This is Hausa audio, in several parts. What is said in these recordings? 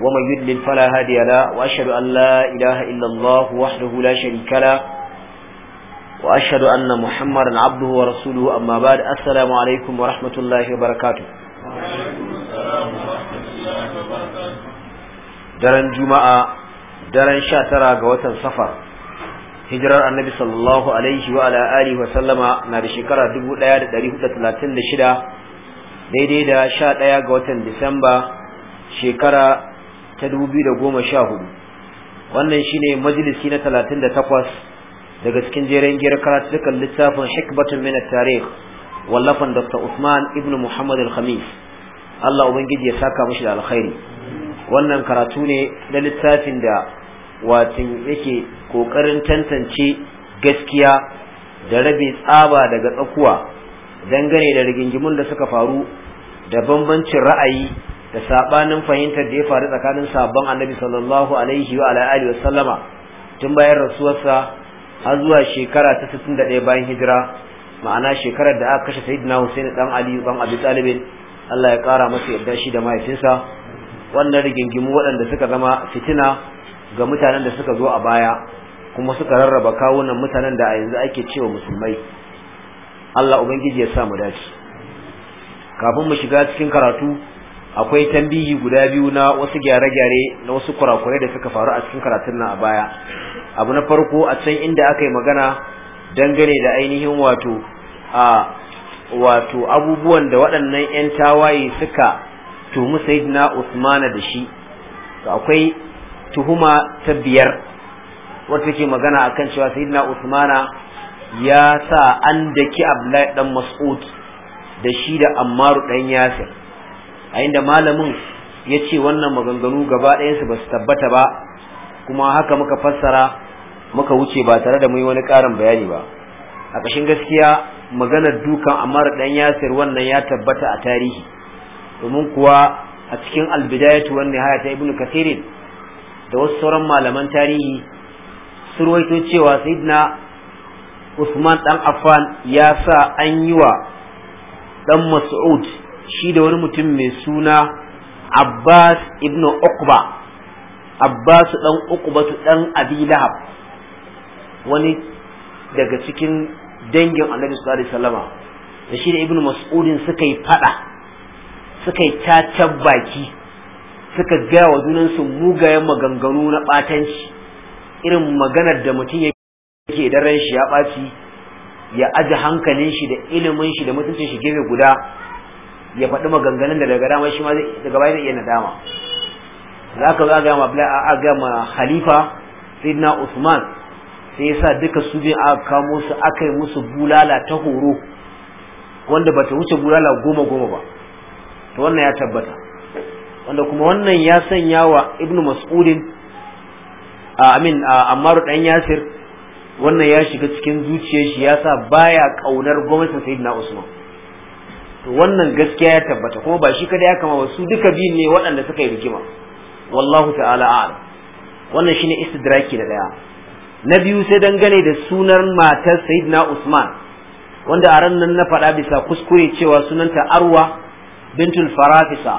ومن يدلل فلا هادي له وأشهد أن لا إله إلا الله وحده لا شريك له وأشهد أن محمدا عبده ورسوله أما بعد السلام عليكم ورحمة الله وبركاته daren juma'a daren sha tara ga watan safar hijirar annabi sallallahu alaihi wa ala alihi wa sallama na da shekara 1436 daidai da sha ɗaya ga watan disamba shekara ta da goma sha hudu wannan shi ne majalisi na talatin da takwas daga cikin jeren giyar karatukan littafin hikbatun mina tarih wallafan Dr. Usman ibn Muhammad al-Khamis Allah ubangiji ya saka mashi da alkhairi wannan karatu ne na littafin da watin yake kokarin tantance gaskiya da rabe tsaba daga tsakuwa dangane da rigingimun da suka faru da bambancin ra'ayi da sabanin fahimtar da ya faru tsakanin sabon annabi sallallahu alaihi wa alihi wa sallama" tun bayan rasuwarsa har zuwa shekara ta 61 bayan hijira ma'ana shekarar da aka kashe sayyidina Hussein dan Ali dan Abi Talib Allah ya kara masa yarda shi da mahaifinsa wannan rigingimu waɗanda suka zama fitina ga mutanen da suka zo a baya kuma suka rarraba kawunan mutanen da a yanzu ake cewa musulmai Allah ubangiji ya sa mu dace kafin mu shiga cikin karatu akwai tambihi guda biyu na wasu gyare-gyare na wasu kurakurai da suka faru a cikin karatun nan a baya abu na farko a can inda aka yi magana dangane da ainihin wato a wato abubuwan da waɗannan 'yan tawaye suka tuhumi sayyidina usmana da shi akwai tuhuma ta biyar wata ke magana akan cewa sayyidina usmana ya sa an daki abdullahi dan mas'ud da shi da ammaru dan yasir a inda malamin ya ce wannan maganganu gaba ɗayansu ba su tabbata ba kuma haka muka fassara muka wuce ba tare da mu yi wani ƙarin bayani ba a ƙashin gaskiya maganar dukan amar ɗan yasir wannan ya tabbata a tarihi domin kuwa a cikin albidayatu wan haya ta ibnu kasirin da wasu sauran malaman tarihi su ruwaito cewa sayidina Usman ɗan Affan ya sa an yi wa dan Mas'ud shi da wani mutum mai suna Abbas ibn Uqba Abbas dan Uqba dan Abi Lahab wani daga cikin dangin Annabi sallallahu alaihi wasallama da shi da Ibn Mas'udin suka yi fada suka yi tacan baki suka gaya wa junansu mugayen maganganu na batanci irin maganar da mutum yake da ran shi ya ɓaci ya aji hankalin shi da ilimin shi da mutuncin shi gefe guda ya faɗi maganganun da daga dama shi ma daga baya zai iya nadama za ka zaga ga ma a gama halifa sayyidina usman sai yasa duka su bin aka kamo su aka yi musu bulala ta horo wanda bata wuce bulala goma goma ba to wannan ya tabbata wanda kuma wannan ya sanya wa ibnu mas'udin amin ammaru dan yasir wannan ya shiga cikin zuciyar shi yasa baya kaunar gwamnatin sayyidina usman to wannan gaskiya ya tabbata kuma ba shi kada ya kama su duka biyun ne waɗanda suka yi rigima wallahu ta'ala a'lam wannan shine istidraki na daya na biyu sai dangane da sunan matar sayyidina usman wanda a ran na faɗa bisa kuskure cewa sunanta arwa bintul farafisa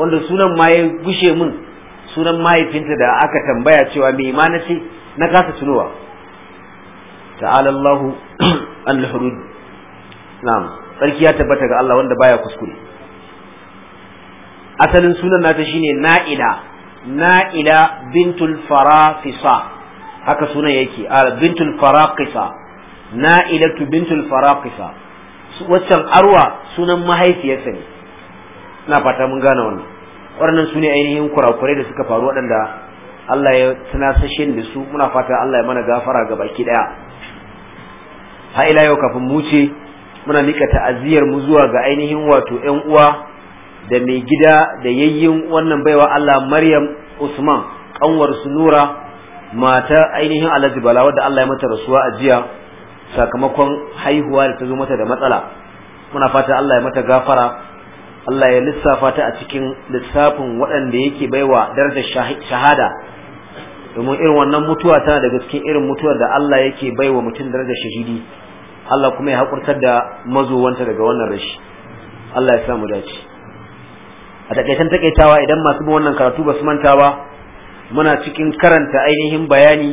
wanda sunan ma ya gushe mun sunan mahaifinta da aka tambaya cewa mai ma na ce na kasa tunowa ta'ala Allahu na'am sarki ya tabbata ga Allah wanda baya kuskure asalin sunan nata shine na'ila na'ila bintul farafisa haka sunan yake a bintul faraqisa na'ilatu bintul faraqisa waccan arwa sunan mahaifiyarsa ne na fata mun gane wannan waɗannan su ne ainihin kurakurai da suka faru waɗanda Allah ya tunasashe da su muna fata Allah ya mana gafara ga baki ɗaya ha ila yau kafin mu ce muna mika ta'aziyar mu zuwa ga ainihin wato 'yan uwa da mai gida da yayyin wannan baiwa Allah Maryam Usman kanwar Nura mata ainihin Alhaji Bala wadda Allah ya mata rasuwa a jiya sakamakon haihuwa da ta zo mata da matsala muna fata Allah ya mata gafara Allah ya lissafa ta a cikin lissafin waɗanda yake baiwa darajar shahada domin irin wannan mutuwa tana daga cikin irin mutuwar da Allah yake baiwa mutum darajar shahidi Allah kuma ya haƙurtar da mazowanta daga wannan rashi Allah ya samu dace a takaitan takaitawa idan masu bin wannan karatu ba su manta ba muna cikin karanta ainihin bayani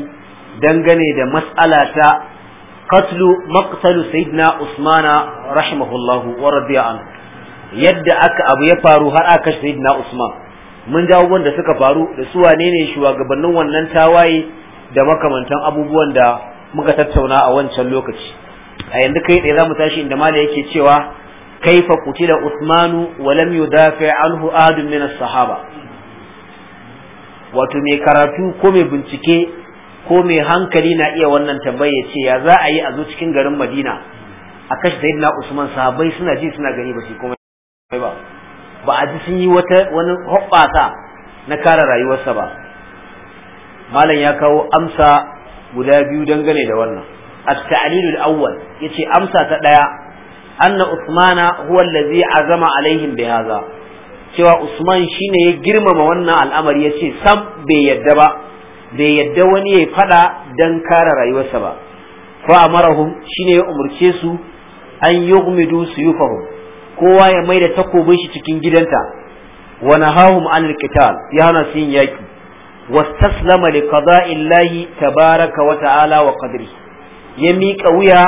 dangane da mas'ala ta qatlu maqtalu sayyidina usmana rahimahullahu wa radiya an yadda aka abu ya faru har aka sayyidina usman mun ga abubuwan da suka faru da su wane ne shugabannin wannan tawaye da makamantan abubuwan da muka tattauna a wancan lokaci a yanzu kai tsaye za mu tashi inda mala yake cewa kaifa da usmanu wa lam yudafi anhu adun min sahaba wato mai karatu ko mai bincike ko mai hankali na iya wannan tambaya ce ya za a yi a zo cikin garin madina a kashi da sayyidina usman sahabbai suna ji suna gani ba su kuma ba ba a ji sun yi wata wani hoɓata na kare rayuwarsa ba malam ya kawo amsa guda biyu dangane da wannan التعليل الأول يتي أمسى تدعى أن عثمان هو الذي عزم عليهم بهذا cewa Usman shine ya girmama wannan al'amari ya ce sam bai yadda ba bai yadda wani ya faɗa don kare rayuwarsa ba fa amarahum shine ya umarce su an yughmidu suyufahum kowa ya maida takobin shi cikin gidanta wa nahahum anil qital ya hana su yin yaki wastaslama li qada'illahi tabaraka wa ta'ala wa qadrihi ya miƙa wuya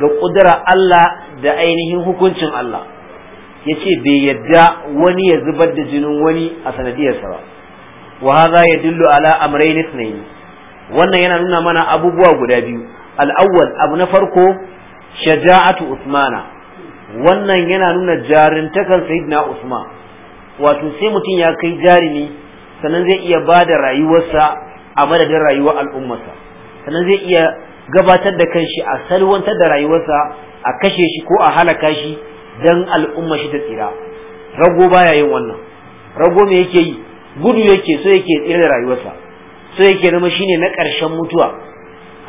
ga ƙudura Allah da ainihin hukuncin Allah ya ce bai yadda wani ya zubar da jinin wani a sanadiyarsa ba wa haza ya dillu ala amrayn ithnayn wannan yana nuna mana abubuwa guda biyu al'awwal abu na farko shaja'atu usmana wannan yana nuna jarintakar sayyidina usman wato sai mutum ya kai jarumi sannan zai iya ba da rayuwarsa a madadin rayuwar al'ummarsa sannan zai iya gabatar da kanshi a salwantar da rayuwarsa a kashe shi ko a halaka shi dan al'umma shi ta tsira rago baya yin wannan rago me yake yi gudu yake so yake tsira da rayuwarsa so yake zama shine na ƙarshen mutuwa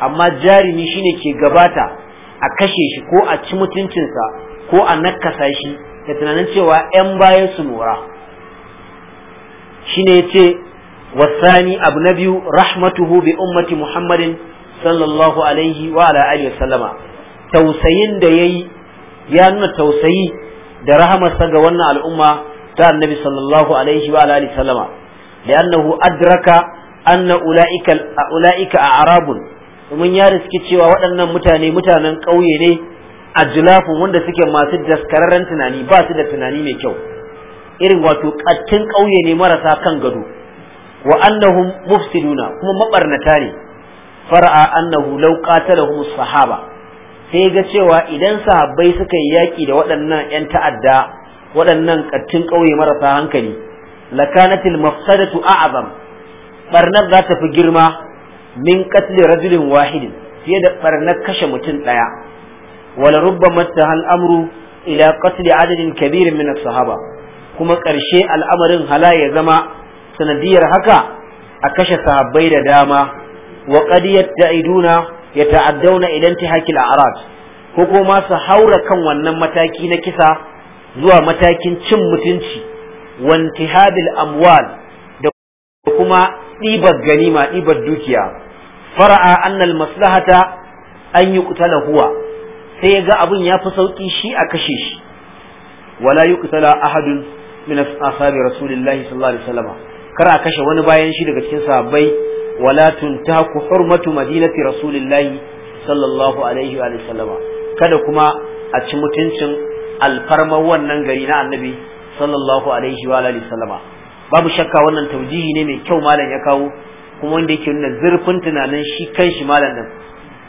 amma jarumi shine ke gabata a kashe shi ko a ci mutuncinsa ko a nakasa shi da tunanin cewa 'yan baya su mora shine yace wasani abu na biyu rahmatuhu bi ummati muhammadin sallallahu alaihi wa ala alihi wasallama tausayin da yayi ya nuna tausayi da rahamarsa ga wannan al'umma ta annabi sallallahu alaihi wa ala alihi wasallama li'annahu adraka anna ulaika ulaika a'rabun domin ya riski cewa waɗannan mutane mutanen ƙauye ne a ajlafu wanda suke masu daskararren tunani ba su da tunani mai kyau irin wato ƙattin ƙauye ne marasa kan gado wa annahum mufsiduna kuma mabarnata ne fara'a annahu law qatalahum sahaba sai ga cewa idan sahabbai suka yi yaki da waɗannan ƴan ta'adda waɗannan kattun ƙauye marasa hankali lakanatil mafsadatu a'zam barnar za ta fi girma min qatli rajulin wahidin fiye da barnar kashe mutum ɗaya wala rubbama tahal amru ila qatli adadin kabirin min sahaba kuma ƙarshe al'amarin hala ya zama sanadiyar haka a kashe sahabbai da dama wa qad yattaiduna yata'addawna ila intihakil a'rad ko kuma su haura kan wannan mataki na kisa zuwa matakin cin mutunci wa intihabil amwal da kuma ɗibar ganima ɗibar dukiya fara'a annal maslahata an yi kutala huwa sai ya ga abin ya fi sauƙi shi a kashe shi wala yi kutala ahadun min ashabi rasulillahi sallallahu alaihi wasallam kar a kashe wani bayan shi daga cikin sahabbai wala tuntaku hurmatu madinati rasulillahi sallallahu alaihi wa sallama kada kuma a ci mutuncin alfarmar wannan gari na annabi sallallahu alaihi wa sallama babu shakka wannan taujihi ne mai kyau malam ya kawo kuma wanda yake nuna zurfin tunanin shi kan shi malam nan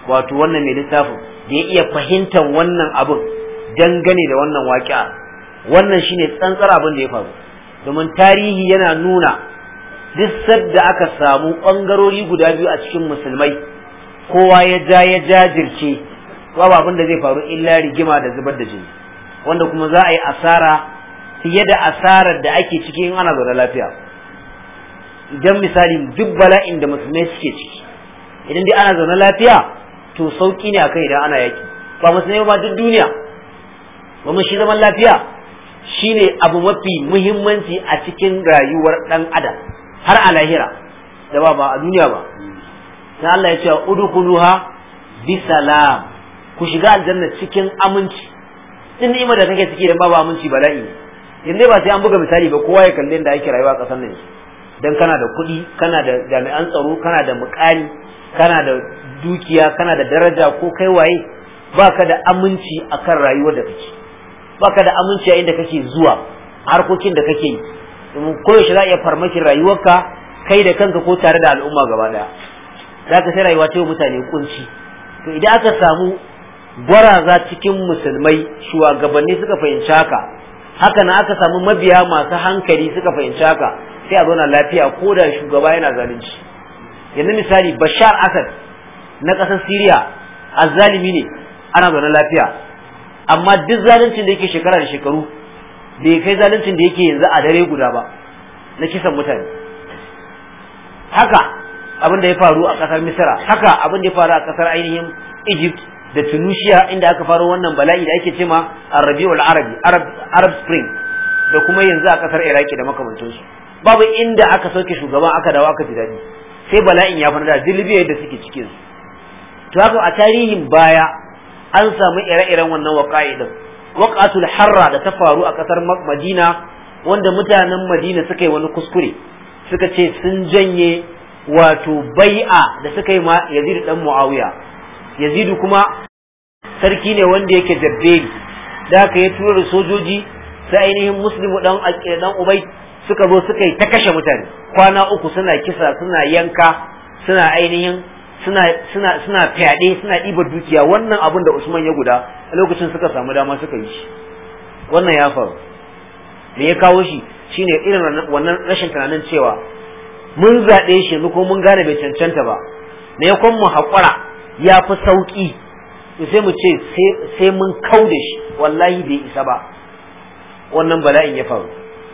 wato wannan mai littafin da ya iya fahimtar wannan abin dangane da wannan waƙi'a wannan shine tsantsar abin da ya faru domin tarihi yana nuna duk sadda aka samu ɓangarori guda biyu a cikin musulmai kowa ya ja ya jajirce babu abin da zai faru illa rigima da zubar da jini wanda kuma za a yi asara fiye da asarar da ake ciki in ana zaune lafiya idan misali duk bala'in da musulmai suke ciki idan dai ana zaune lafiya to sauki ne akan idan ana yaki ba musulmai ba duk duniya mu shi zaman lafiya shine abu mafi muhimmanci a cikin rayuwar dan adam har a lahira da ba a duniya ba sai Allah ya ce udkhuluha bi salam ku shiga aljanna cikin aminci din ni'ima da kake ciki dan babu aminci bala'i yanzu ba sai an buga misali ba kowa ya kalle da ake rayuwa a kasar nan dan kana da kuɗi kana da jami'an tsaro kana da mukami kana da dukiya kana da daraja ko kai waye baka da aminci akan rayuwar da kake baka da aminci a inda kake zuwa harkokin da kake yi koyaushe za a iya farmakin rayuwarka kai da kanka ko tare da al'umma gaba daya za ka sai rayuwa ta mutane kunci to idan aka samu gwaraza cikin musulmai shugabanni suka fahimci haka haka na aka samu mabiya masu hankali suka fahimci haka sai a zauna lafiya ko da shugaba yana zalunci yanzu misali bashar asad na ƙasar siriya azzalimi ne ana zaune lafiya amma duk zaluncin da yake shekara da shekaru bai kai zaluncin da yake yanzu a dare guda ba na kisan mutane haka abin da ya faru a kasar misira haka abin da ya faru a kasar ainihin egypt da tunisia inda aka faro wannan bala'i da ake cema arabiul arabi arab spring da kuma yanzu a kasar iraki da makamantansu babu inda aka sauke shugaban aka dawo aka ji daɗi sai bala'in ya fara dilibiya da suke cikin to haka a tarihin baya an samu ire-iren wannan waƙa'i waqatul harra da ta faru a kasar Madina wanda mutanen Madina suka yi wani kuskure suka ce sun janye wato bai'a da suka yi ma Yazid dan Muawiya Yazid kuma sarki ne wanda yake jabbeli da aka yi turar sojoji sai ainihin muslimu dan dan ubai suka zo suka yi ta kashe mutane kwana uku suna kisa suna yanka suna ainihin suna suna suna fyaɗe suna ɗiba dukiya wannan abin da Usman ya guda a lokacin suka samu dama suka yi shi wannan ya faru me ya kawo shi shine irin wannan rashin tunanin cewa mun zaɓe shi yanzu ko mun gane bai cancanta ba me ya kwan mu haƙura ya fi sauƙi sai mu ce sai mun kau da shi wallahi bai isa ba wannan bala'in ya faru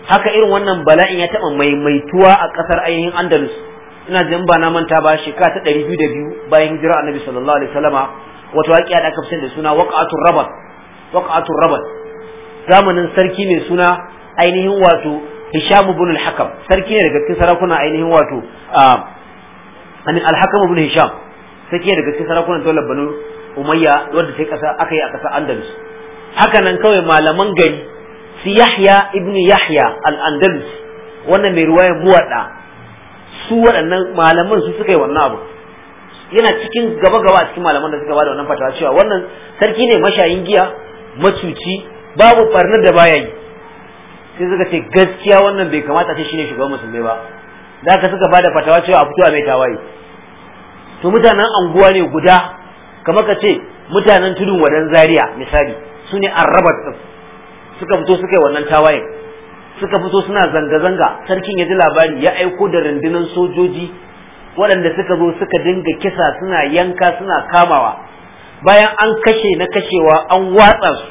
haka irin wannan bala'in ya taɓa maimaituwa a ƙasar ainihin andalus ina jin ba na manta ba shekara ta ɗari biyu da biyu bayan hijira annabi sallallahu alaihi wasallama wato waƙiya da aka fi da suna waqatul rabat waqatul rabat zamanin sarki mai suna ainihin wato Hisham ibn al-Hakam sarki ne daga cikin sarakuna ainihin wato amin al-Hakam ibn Hisham sarki ne daga cikin sarakunan daular Banu Umayya wanda sai kasa aka yi a kasar Andalus haka nan kawai malaman gari su Yahya ibn Yahya al-Andalus wannan mai ruwayan muwadda su waɗannan malaman su suka yi wannan abu yana cikin gaba gaba a cikin malaman da suka bada wannan fatawa cewa wannan sarki ne mashayin giya macuci babu barnar da baya yi sai suka ce gaskiya wannan bai kamata ce shine shugaban musulmai ba da ka suka bada fatawa cewa a fito a mai tawaye to mutanen anguwa ne guda kamar ka ce mutanen tudun wadan zaria misali su ne arrabat suka fito suka yi wannan tawaye suka fito suna zanga-zanga sarkin ya ji labari ya aiko da rundunar sojoji waɗanda suka zo suka dinga kisa suna yanka suna kamawa bayan an kashe na kashewa an watsa su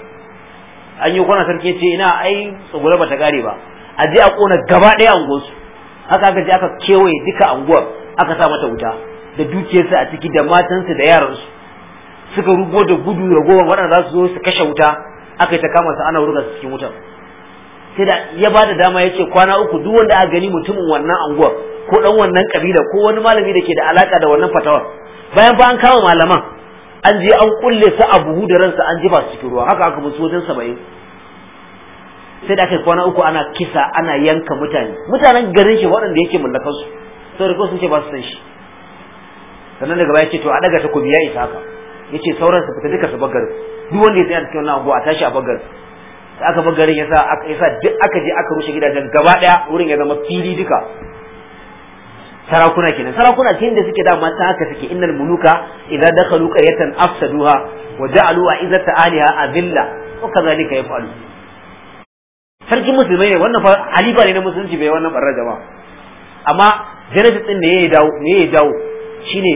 an yi kwana sarki ce ina ai ba ta gare ba a je a kona gaba ɗaya anguwarsu haka aka je aka kewaye duka anguwar aka sa mata wuta da dukiyarsa a ciki da matansu da yaransu suka rugo da gudu ragowar waɗanda za su zo su kashe wuta aka yi ta kama su ana wurga su cikin wutar sai da ya ba da dama ya ce kwana uku duk wanda aka gani mutumin wannan anguwar ko dan wannan kabila ko wani malami da ke da alaka da wannan fatawar bayan fa an kama malaman an je an kulle su a buhu da ransa an jifa su cikin ruwa haka aka musu wajen saba'in sai da aka kwana uku ana kisa ana yanka mutane mutanen garin shi waɗanda yake mallakar su sai da sun ce ba su san shi sannan daga baya ce to a daga takobi ya isa haka yace sauran su fita duka su bagar duk wanda ya tsaya cikin wannan abu a tashi a bagar sai aka bagarin yasa aka yasa duk aka je aka rushe gidajen gaba daya wurin ya zama fili duka sarakuna kenan sarakuna kin da suke dama ta haka suke innal muluka idza dakhalu qayatan afsaduha wa ja'alu izzata aliha adilla wa kadhalika yaf'alu sarkin musulmai ne wannan halifa ne na musulunci bai wannan da jama'a amma genesis din ne ya dawo ne ya dawo shine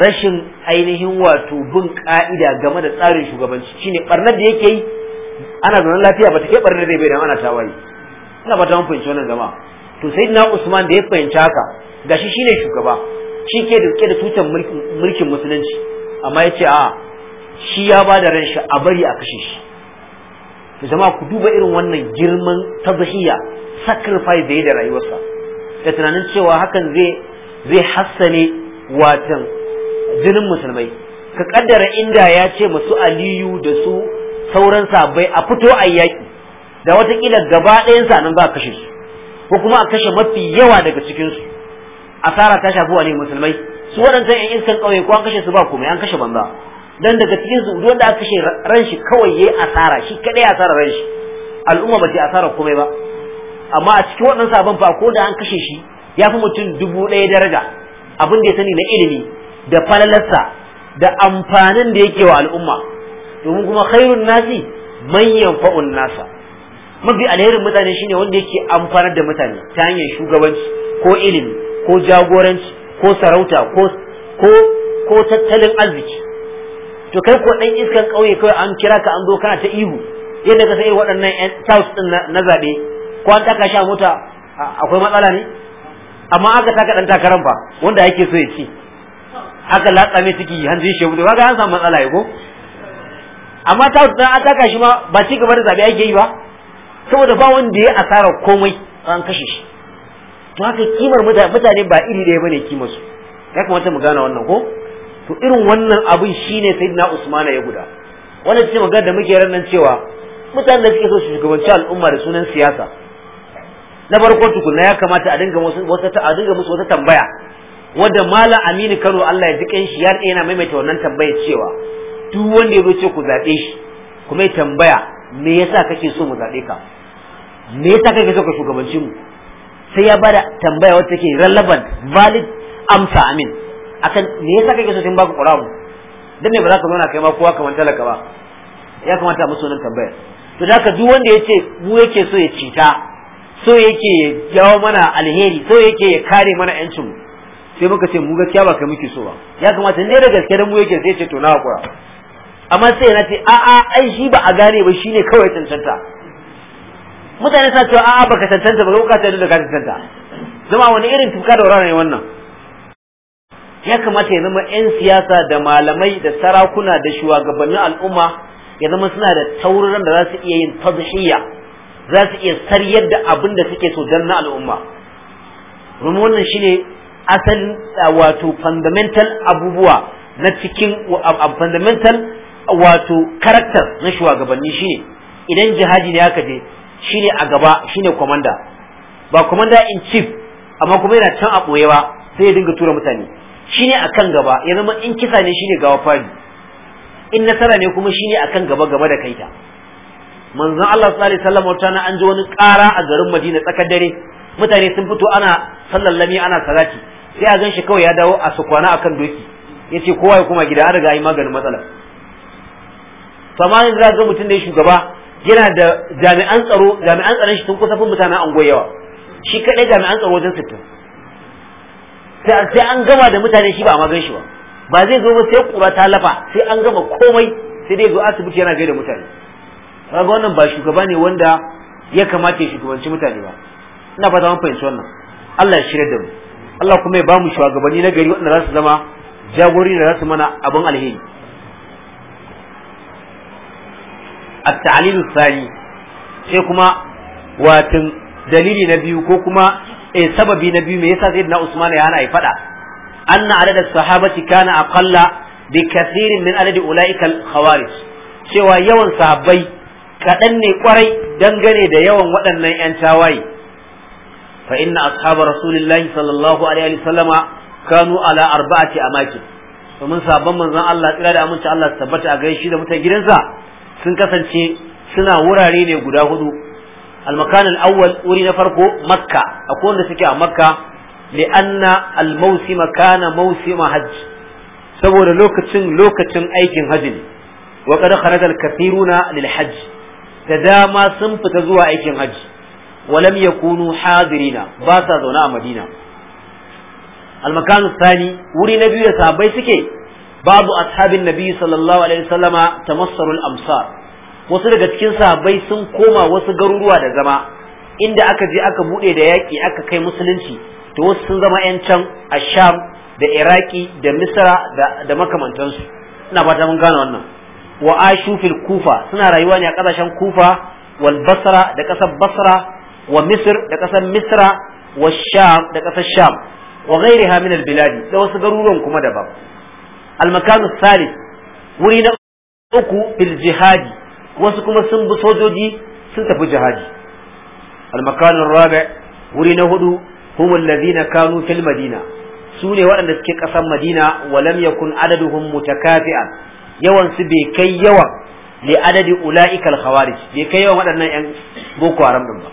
rashin ainihin wato bin ka'ida game da tsarin shugabanci shine barnar da yake yi ana zaune lafiya ba ta kai barnar da bai da ana tawaye ina ba ta mun fahimci wannan jama'a to sai na Usman da ya fahimci haka gashi shine shugaba shi ke da da tutar mulkin musulunci amma yace a shi ya ba da ranshi a bari a kashe shi to jama'a ku duba irin wannan girman tazhiya sacrifice da ya da rayuwarsa da tunanin cewa hakan zai zai hassane watan jinin musulmai ka kaddara inda ya ce masu aliyu da su sauran sabai a fito a yaƙi da watakila gaba ɗayan nan ba a kashe su ko kuma a kashe mafi yawa daga cikinsu asara ta shafi wani musulmai su waɗancan yan iskan kauye ko an kashe su ba komai an kashe banza dan daga cikin su duk wanda aka kashe ran shi kawai yayi asara shi kadai asara ran shi al'umma ba ta asara komai ba amma a cikin waɗannan sabon fa ko da an kashe shi ya fi mutum dubu ɗaya daraja abin da ya sani na ilimi da falalarsa da amfanin da yake wa al'umma domin kuma khairun nasi manyan yanfa'un nasa mafi alherin mutane shine wanda yake amfanar da mutane ta hanyar shugabanci ko ilimi ko jagoranci ko sarauta ko ko ko tattalin arziki to kai ko dan iskan kauye kawai an kira ka an zo kana ta ihu yadda ka sai waɗannan yan taus din na zabe ko an taka shi a mota akwai matsala ne amma aka taka dan takaran fa wanda yake so ya ci aka latsa mai ciki hanjin shi mutu kaga an samu matsala ya ko amma taus din an taka shi ma ba ci gaba da zabe ake yi ba saboda ba wanda ya asara komai an kashe shi to haka kimar mutane ba iri ɗaya bane kimar su ya kamata mu gane wannan ko to irin wannan abin shine sayyidina usmana ya guda wannan ce magana da muke nan cewa mutanen da suke so su shugabanci al'umma da sunan siyasa na farko tukuna ya kamata a dinga musu wata dinga musu wata tambaya wanda malam Aminu Kano Allah ya ji shi ya yana maimaita wannan tambaya cewa duk wanda ya zo ce ku zaɓe shi kuma ya tambaya me yasa kake so mu zaɓe ka me yasa kake so ka shugabanci mu sai ya bada tambaya wacce take relevant valid amsa amin akan me yasa kake so tun baka qur'ani dan me ba za ka zauna kai ma kowa kamar talaka ba ya kamata musu nan tambaya to da ka duk wanda yace mu yake so ya cita so yake ya jawo mana alheri so yake ya kare mana yancin sai muka ce mu gaskiya ba kai muke so ba ya kamata ne da gaskiya mu yake sai ce to na kura? amma sai na ce a'a ai shi ba a gane ba shine kawai tantanta mutane sa cewa a'a baka tantance ba ka ta da ka tantance zama wani irin tuka da wurare wannan ya kamata ya zama 'yan siyasa da malamai da sarakuna da shugabannin al'umma ya zama suna da taurin da za su iya yin tazhiya za su iya sariyar da abin da suke so dan na al'umma domin wannan shine asalin wato fundamental abubuwa na cikin fundamental wato karakter na shugabanni shine idan jihadi ne aka je shine a gaba shine komanda ba komanda in chief amma kuma yana can a boye ba sai ya dinga tura mutane shine akan gaba ya zama in kisa ne shine gawa fari in nasara ne kuma shine akan gaba gaba da kaita manzon Allah sallallahu alaihi wasallam wata na an ji wani ƙara a garin Madina tsakar dare mutane sun fito ana sallallami ana salati sai a gan shi kawai ya dawo a sukwana akan doki yace kowa ya kuma gida an riga yi maganin matsalar samanin za ga mutum da ya shugaba yana da jami'an tsaro jami'an tsaron shi sun kusa fin mutanen ango yawa shi kadai jami'an tsaro wajen sittin sai an gama da mutane shi ba a magan shi ba ba zai zo ba sai kura ta lafa sai an gama komai sai dai zo asibiti yana gaida mutane kaga wannan ba shugaba ne wanda ya kamata ya shugabanci mutane ba ina fata mun fahimci wannan Allah ya shirya da mu Allah kuma ya bamu shugabanni na gari wanda za su zama jagori da za su mana abin alheri at-ta'lil thani sai kuma watan dalili na biyu ko kuma eh sababi na biyu me yasa na Usman ya hana ai fada na adada sahabati kana aqalla bi kathirin min adadi ulaika al-khawarij cewa yawan sahabbai kaɗan ne kwarai dangane da yawan waɗannan 'yan tawaye fa inna ashabu rasulillahi sallallahu alaihi wasallama kanu ala arba'ati amakin domin sabon manzon Allah tsira da aminci Allah su tabbata a gaishe da mutan gidansa sun kasance suna wurare ne guda hudu almakan al'awwal wuri na farko makka akwai wanda suke a makka li'anna al-mawsima kana mawsima hajj saboda lokacin lokacin aikin hajji ne wa qad kharaja al-kathiruna lil da dama sun fita zuwa aikin hajji wa lam yakunu hadirina ba sa a madina al Sani wuri na biyu da sahabbai suke babu ashabin nabi sallallahu alaihi wasallama tamassarul amsar wasu daga cikin sahabbai sun koma wasu garuruwa da zama inda aka je aka bude da yaki aka kai musulunci to wasu sun zama yan can a sham da iraki da misra da, da makamantansu ina fata mun gane wannan wa ashu fil kufa suna rayuwa ne a kasashen kufa wal basra da kasar basra wa misr da kasar misra wa sham da kasar sham wa ghairiha min al biladi da wasu garuruwan kuma daban almakanu salis wuri na uku fil jihadi wasu kuma sun bi sojoji sun tafi jihadi almakanu rabi wuri na hudu humul ladina kanu fil madina su ne waɗanda suke ƙasar madina walam yakun adaduhum ta yawan su bai kai yawan li adadi ula'ikal khawarij bai kai yawan waɗannan yan boko haram din ba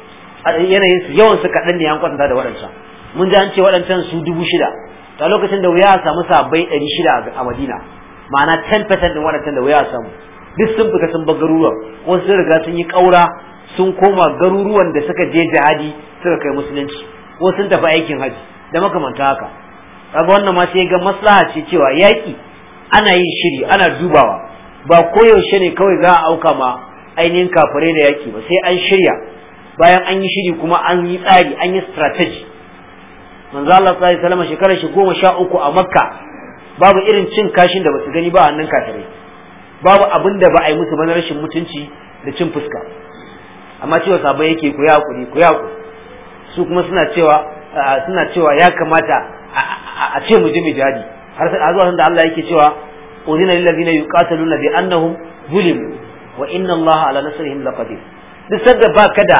yanayin su kaɗan ne an kwatanta da waɗancan mun ji an waɗancan su dubu shida ta lokacin da wuya a samu sabbai ɗari shida a madina ma'ana 10% ɗin waɗancan da wuya a samu duk sun fita sun bar garuruwan wasu sun riga sun yi ƙaura sun koma garuruwan da suka je jihadi suka kai musulunci ko sun tafi aikin hajji. da makamanta haka kaga wannan ma sai ga maslaha ce cewa yaƙi ana yin shiri ana dubawa ba koyaushe ne kawai za a auka ma ainihin kafirai da yaƙi ba sai an shirya bayan an yi shiri kuma an yi tsari an yi strategy manzo Allah sallallahu alaihi wasallam shekarar shi goma sha uku a makka babu irin cin kashin da basu gani ba hannun kafirai babu abin da ba a yi musu ba na rashin mutunci da cin fuska amma cewa sabai yake ku ya hakuri ku ya ku. su kuma suna cewa suna cewa ya kamata a ce mu ji mu jadi har sai zuwa da Allah yake cewa udina lil ladina yuqataluna bi annahum zulim wa inna Allah ala nasrihim laqadir duk ba baka da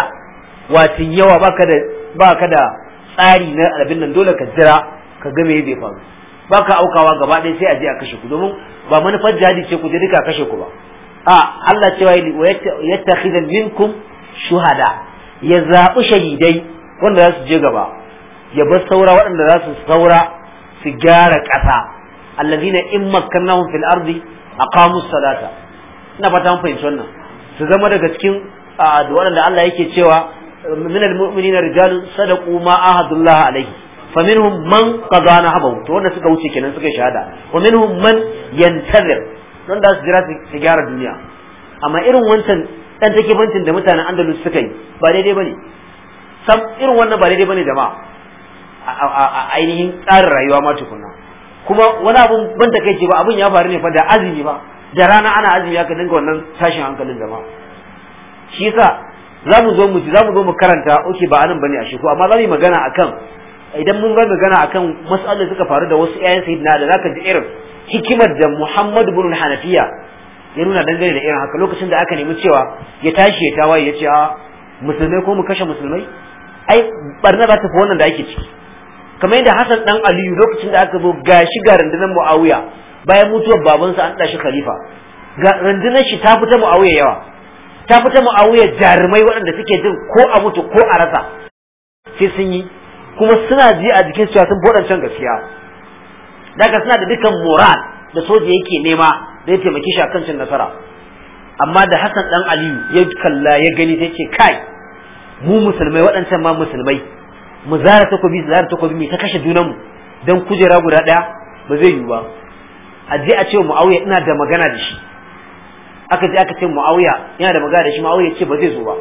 watin yawa ba kada ba da tsari na abin nan dole ka jira ka ga me zai faru ba aukawa gaba ɗaya sai a je a kashe ku domin ba manufar jihadi ce ku je duka kashe ku ba a Allah cewa wa yattakhidha minkum shuhada ya zaɓi shahidai wanda za su je gaba ya bar saura waɗanda za su saura su gyara ƙasa allazina in makkannahum fil ardi aqamu salata ina fata mun fahimci wannan su zama daga cikin da waɗanda Allah yake cewa المؤمنين رجال صدقوا ما عهد الله alaihi فمنهم man قضى نحبه to wanda suka wuce kenan suka shahada wa minhum man yantazir don da su jira su gyara duniya amma irin wancan dan take bancin da mutanen andalus suka yi ba daidai bane sam irin wannan ba daidai bane jama'a a ainihin tsarin rayuwa ma tukunna kuma wani abun ban ce ba abun ya faru ne fa da azumi ba da rana ana azumi aka dinga wannan tashin hankalin jama'a shi yasa za mu zo mu za mu zo mu karanta oke ba anan bane a shi ko amma za mu yi magana akan idan mun bar magana akan mas'alar suka faru da wasu ƴaƴan sayyidina da zaka ji irin hikimar da Muhammad ibn Hanafiya ya nuna dangane da irin haka lokacin da aka nemi cewa ya tashi ya tawaye ya ce a ah, musulmai ko mu kashe musulmai ai barna za ta fi wannan da ake ciki kamar yadda Hassan dan Aliyu lokacin da aka zo gashi ga rundunar Muawiya bayan mutuwar babansa an tashi khalifa ga rundunar shi ta fita Muawiya yawa ta fita muawiyar jarumai waɗanda suke jin ko a mutu ko a rasa sai sun yi kuma suna ji a jikin su sun bodancan gaskiya daga suna da dukkan moral da soja yake nema da ya taimaki shi akan cin nasara amma da Hassan dan Aliyu ya kalla ya gani ta ce kai mu musulmai waɗancan ma musulmai mu zara takobi zara takobi mai ta kashe mu dan kujera guda ɗaya ba zai yiwu ba a je a ce Muawiya ina da magana da shi aka je aka ce muawiya yana da magana da shi muawiya ce ba zai zo ba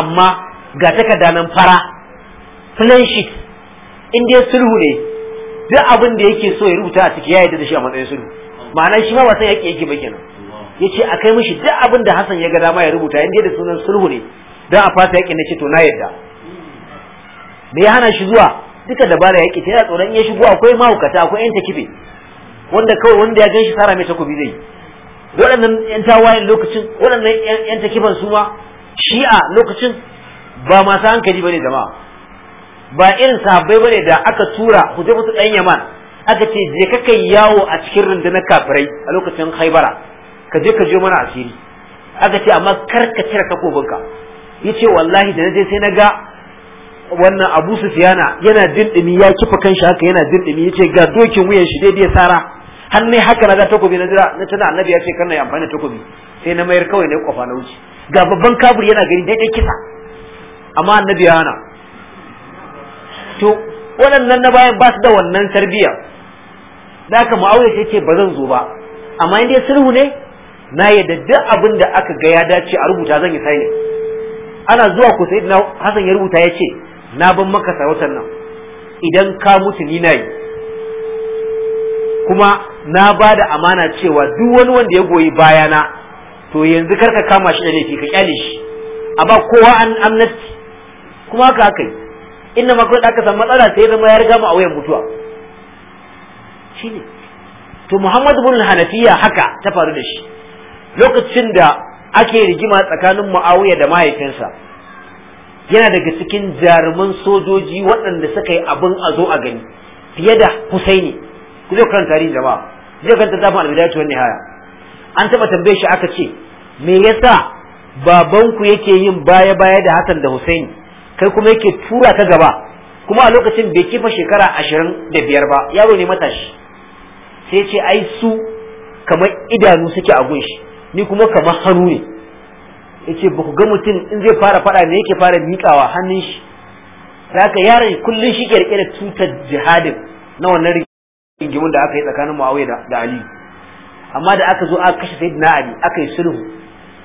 amma ga takarda nan fara plan sheet in dai sulhu ne duk abin da yake so ya rubuta a ciki ya yarda da shi a matsayin sulhu ma'ana shi ma ba san yake yake ba kenan yace a kai mishi duk abin da Hassan ya ga dama ya rubuta in dai da sunan sulhu ne dan a fasa ne ce to na yarda me ya hana shi zuwa duka dabara yake ta tsoron ya shigo akwai mahaukata akwai yan takibe wanda kawai wanda ya gan shi sara mai takobi zai yi waɗannan 'yan tawayen lokacin waɗannan 'yan takifan su ma shi'a lokacin ba masu hankali ba ne da ba irin sahabbai ne da aka tura hujjatu ɗan yaman aka ce je ka kai yawo a cikin rundunar kafirai a lokacin haibara ka je ka je mana asiri aka ce amma kar ka cire takobinka yace wallahi da na je sai na ga wannan Abu Sufyana yana jin dumi ya kifa kanshi haka yana jin ya yace ga dokin wuyan shi daidai sara har ne haka na ga takobi na jira na tana annabi ya ce kan yi amfani da takobi sai na mayar kawai na kofa na wuce ga babban kabur yana gani daidai kisa amma annabi ya hana to waɗannan na bayan ba su da wannan tarbiyya da aka ma'auya sai ce ba zan zo ba amma inda sulhu ne na yadda duk abin da aka ga ya dace a rubuta zan yi sai ana zuwa ku sai Hassan ya rubuta ya ce na ban maka sarautar nan idan ka mutu ni na yi kuma na ba da amana cewa duk wani wanda ya goyi bayana to yanzu karka kama shi da laifi ka kyale shi a ba kowa an amnati kuma haka haka inda ma da aka samu matsala sai zama ya riga mu a wayan mutuwa ne to muhammadu bin Hanafiya haka ta faru da shi lokacin da ake rigima tsakanin Muawiya da mahaifinsa yana daga cikin jaruman sojoji waɗanda suka yi abin a zo a gani fiye da Husaini ku zai karanta tarihin jama'a zai ta tafin albidayatu wani haya an taba tambaye shi aka ce me yasa babanku yake yin baya baya da Hassan da Hussein kai kuma yake tura ka gaba kuma a lokacin bai kifa shekara ashirin da biyar ba yaro ne matashi sai ce ai su kamar idanu suke a gunshi ni kuma kamar hannu ne yace ba ku ga mutum in zai fara fada me yake fara mikawa hannun shi haka yaron kullum shi kirkira tutar jihadin na wannan gingimin da aka yi tsakanin Muawiya da Ali amma da aka zo aka kashe Sayyidina Ali aka yi sulhu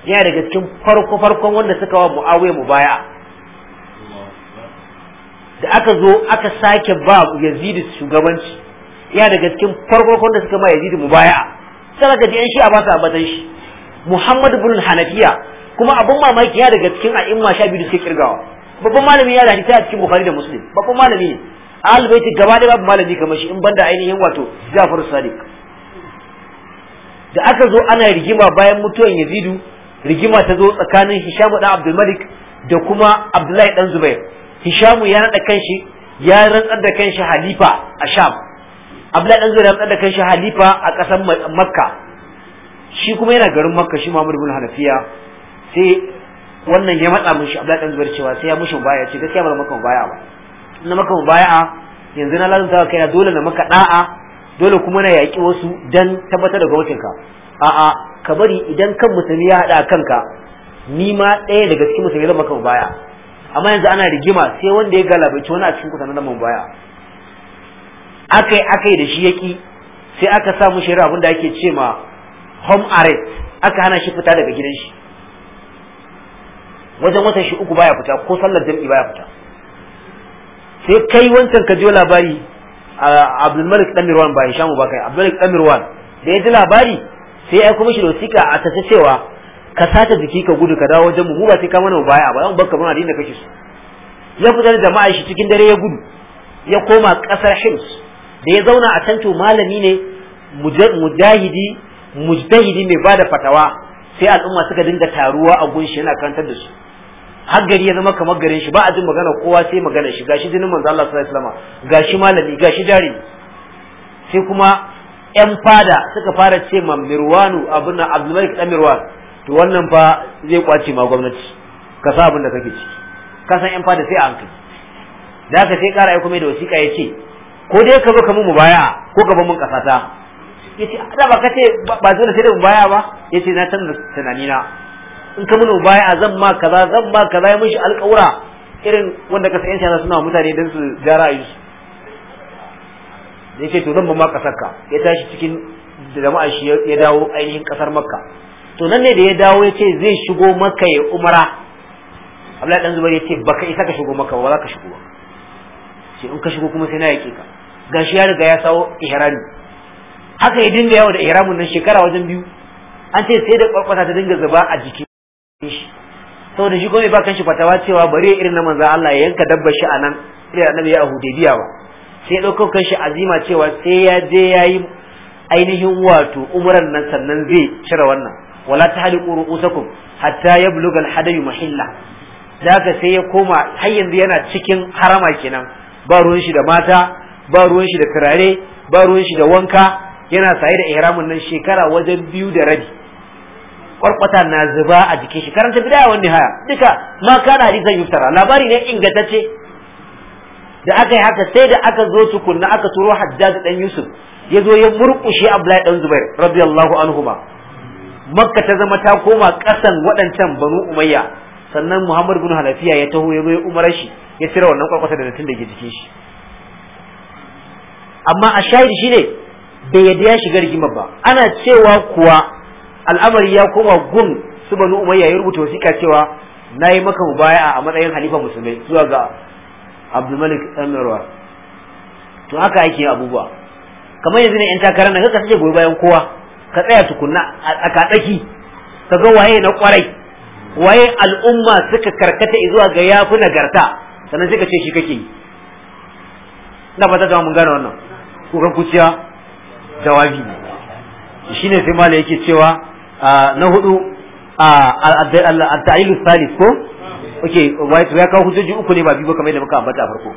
yana daga cikin farko farkon wanda suka wa Muawiya baya. da aka zo aka sake ba Yazid shugabanci yana daga cikin farko wanda suka ma Yazid baya sai ga yan shi'a ba su ambatan shi Muhammad ibn Hanafiya kuma abin mamaki ya daga cikin a'imma sha biyu da suke kirgawa babban malami ya da hadisi a cikin Bukhari da Muslim babban malami ne ahlul baiti gaba da babu malami kamar shi in banda ainihin wato Ja'far Sadiq da aka zo ana rigima bayan mutuwan Yazidu rigima ta zo tsakanin Hisham da Abdul Malik da kuma Abdullahi dan Zubair Hisham ya naɗa kanshi ya rantsar da kanshi halifa a Sham Abdullahi dan Zubair ya rantsar da kanshi halifa a ƙasar Makka shi kuma yana garin Makka shi Muhammad bin Hanafiya sai wannan ya matsa mishi Abdullahi dan Zubair cewa sai ya mushi baya ce gaskiya ba maka baya ba na maka mubaya'a yanzu na lazanta kai dole na maka da'a dole kuma na yaƙi wasu dan tabbatar da gwamnatinka a'a ka bari idan kan musulmi ya haɗa kanka ni ma ɗaya daga cikin musulmi zan maka mubaya'a amma yanzu ana rigima sai wanda ya galabaici wani a cikin kusa na mubaya akai akai da shi yaƙi sai aka sa mushi abin da ake ce ma home arrest aka hana shi fita daga gidan shi wajen wata shi uku baya fita ko sallar jam'i baya fita sai kai wancan ka jiyo labari Abdul Malik dan Mirwan ba mu ba kai Abdul Malik dan Mirwan da ya ji labari sai ya aika mishi wasiƙa a tace cewa ka sace jiki ka gudu ka dawo wajen mu mu ba sai ka mana mu baya ba zan barka muna da kake su. ya fitar da jama'a shi cikin dare ya gudu ya koma ƙasar Hims da ya zauna a tantu malami ne mujahidi mujtahidi mai da fatawa sai al'umma suka dinga taruwa a gunshi yana karantar da su har gari ya zama kamar garin shi ba a jin magana kowa sai magana shi gashi jinin manzo Allah sallallahu alaihi wasallam gashi malami gashi dari sai kuma yan fada suka fara ce ma Mirwanu abin nan Abdulmalik dan Mirwan to wannan fa zai kwace ma gwamnati ka sa abin da kake ci ka san yan fada sai a hankali da ka sai kara aiko mai da wasiƙa ya ce ko dai ka zo ka mu mubaya ko ka ba mun kasata yace da ba ka ce ba zo da sai da mubaya ba yace na canza tunanina in ka mino baya a zan ma kaza zan ma kaza ya mishi alƙawura irin wanda ka sayan siyasa suna mutane don su a ra'ayinsu da yake to zan ba ma kasar ka ya tashi cikin jama'a shi ya dawo ainihin kasar makka to nan ne da ya dawo ya ce zai shigo makka ya umara abdullahi dan zubari ya ce baka isa ka shigo makka ba za ka shigo ba sai in ka shigo kuma sai na yake ka gashi ya riga ya sawo ihrami haka ya dinga yawo da ihramin nan shekara wajen biyu an ce sai da kwakwata ta dinga zuba a jiki shi saboda shi kuma ba kan shi fatawa cewa bari irin na manzo Allah ya yanka dabbar shi anan irin annabi ya biya ba sai ya dauko kan shi azima cewa sai ya je yayi ainihin wato umran nan sannan zai cire wannan wala ta tahliqu ru'usakum hatta yablugha alhadayu hadayu mahilla daga sai ya koma har yanzu yana cikin harama kenan ba ruwan shi da mata ba ruwan shi da turare ba ruwan shi da wanka yana saye da ihramin nan shekara wajen biyu da rabi kwarkwata na zuba a jikin shi karanta bidaya wani haya duka ma kana hadisan yuftara labari ne ingantacce da aka yi haka sai da aka zo tukunna aka turo hajjaj dan yusuf ya zo ya murkushe abdullahi dan zubair radiyallahu anhuma makka ta zama ta koma kasan waɗancan banu umayya sannan muhammad bin halafiya ya taho ya zo ya umarar shi ya tsira wannan kwarkwata da tun da ke jikin shi amma a shahid ne bai yadda ya shiga rigimar ba ana cewa kuwa al'amari ya koma gun su banu umayya ya rubuta wasiƙa cewa na yi maka mubaya'a a matsayin halifa musulmai zuwa ga abdulmalik ɗan marwa to haka ake abubuwa kamar yanzu ne in takarar nan ka sake goyi bayan kowa ka tsaya tukunna a kaɗaki ka ga waye na kwarai waye al'umma suka karkata zuwa ga yafi nagarta sannan sai ka ce shi kake yi ina fata zama mun gane wannan ko kuciya jawabi shine sai mala yake cewa Ah, na hudu ah, al tailu salis ko oke wai ya kawo hujjoji uku ne ba biyu kamar yadda muka ambata farko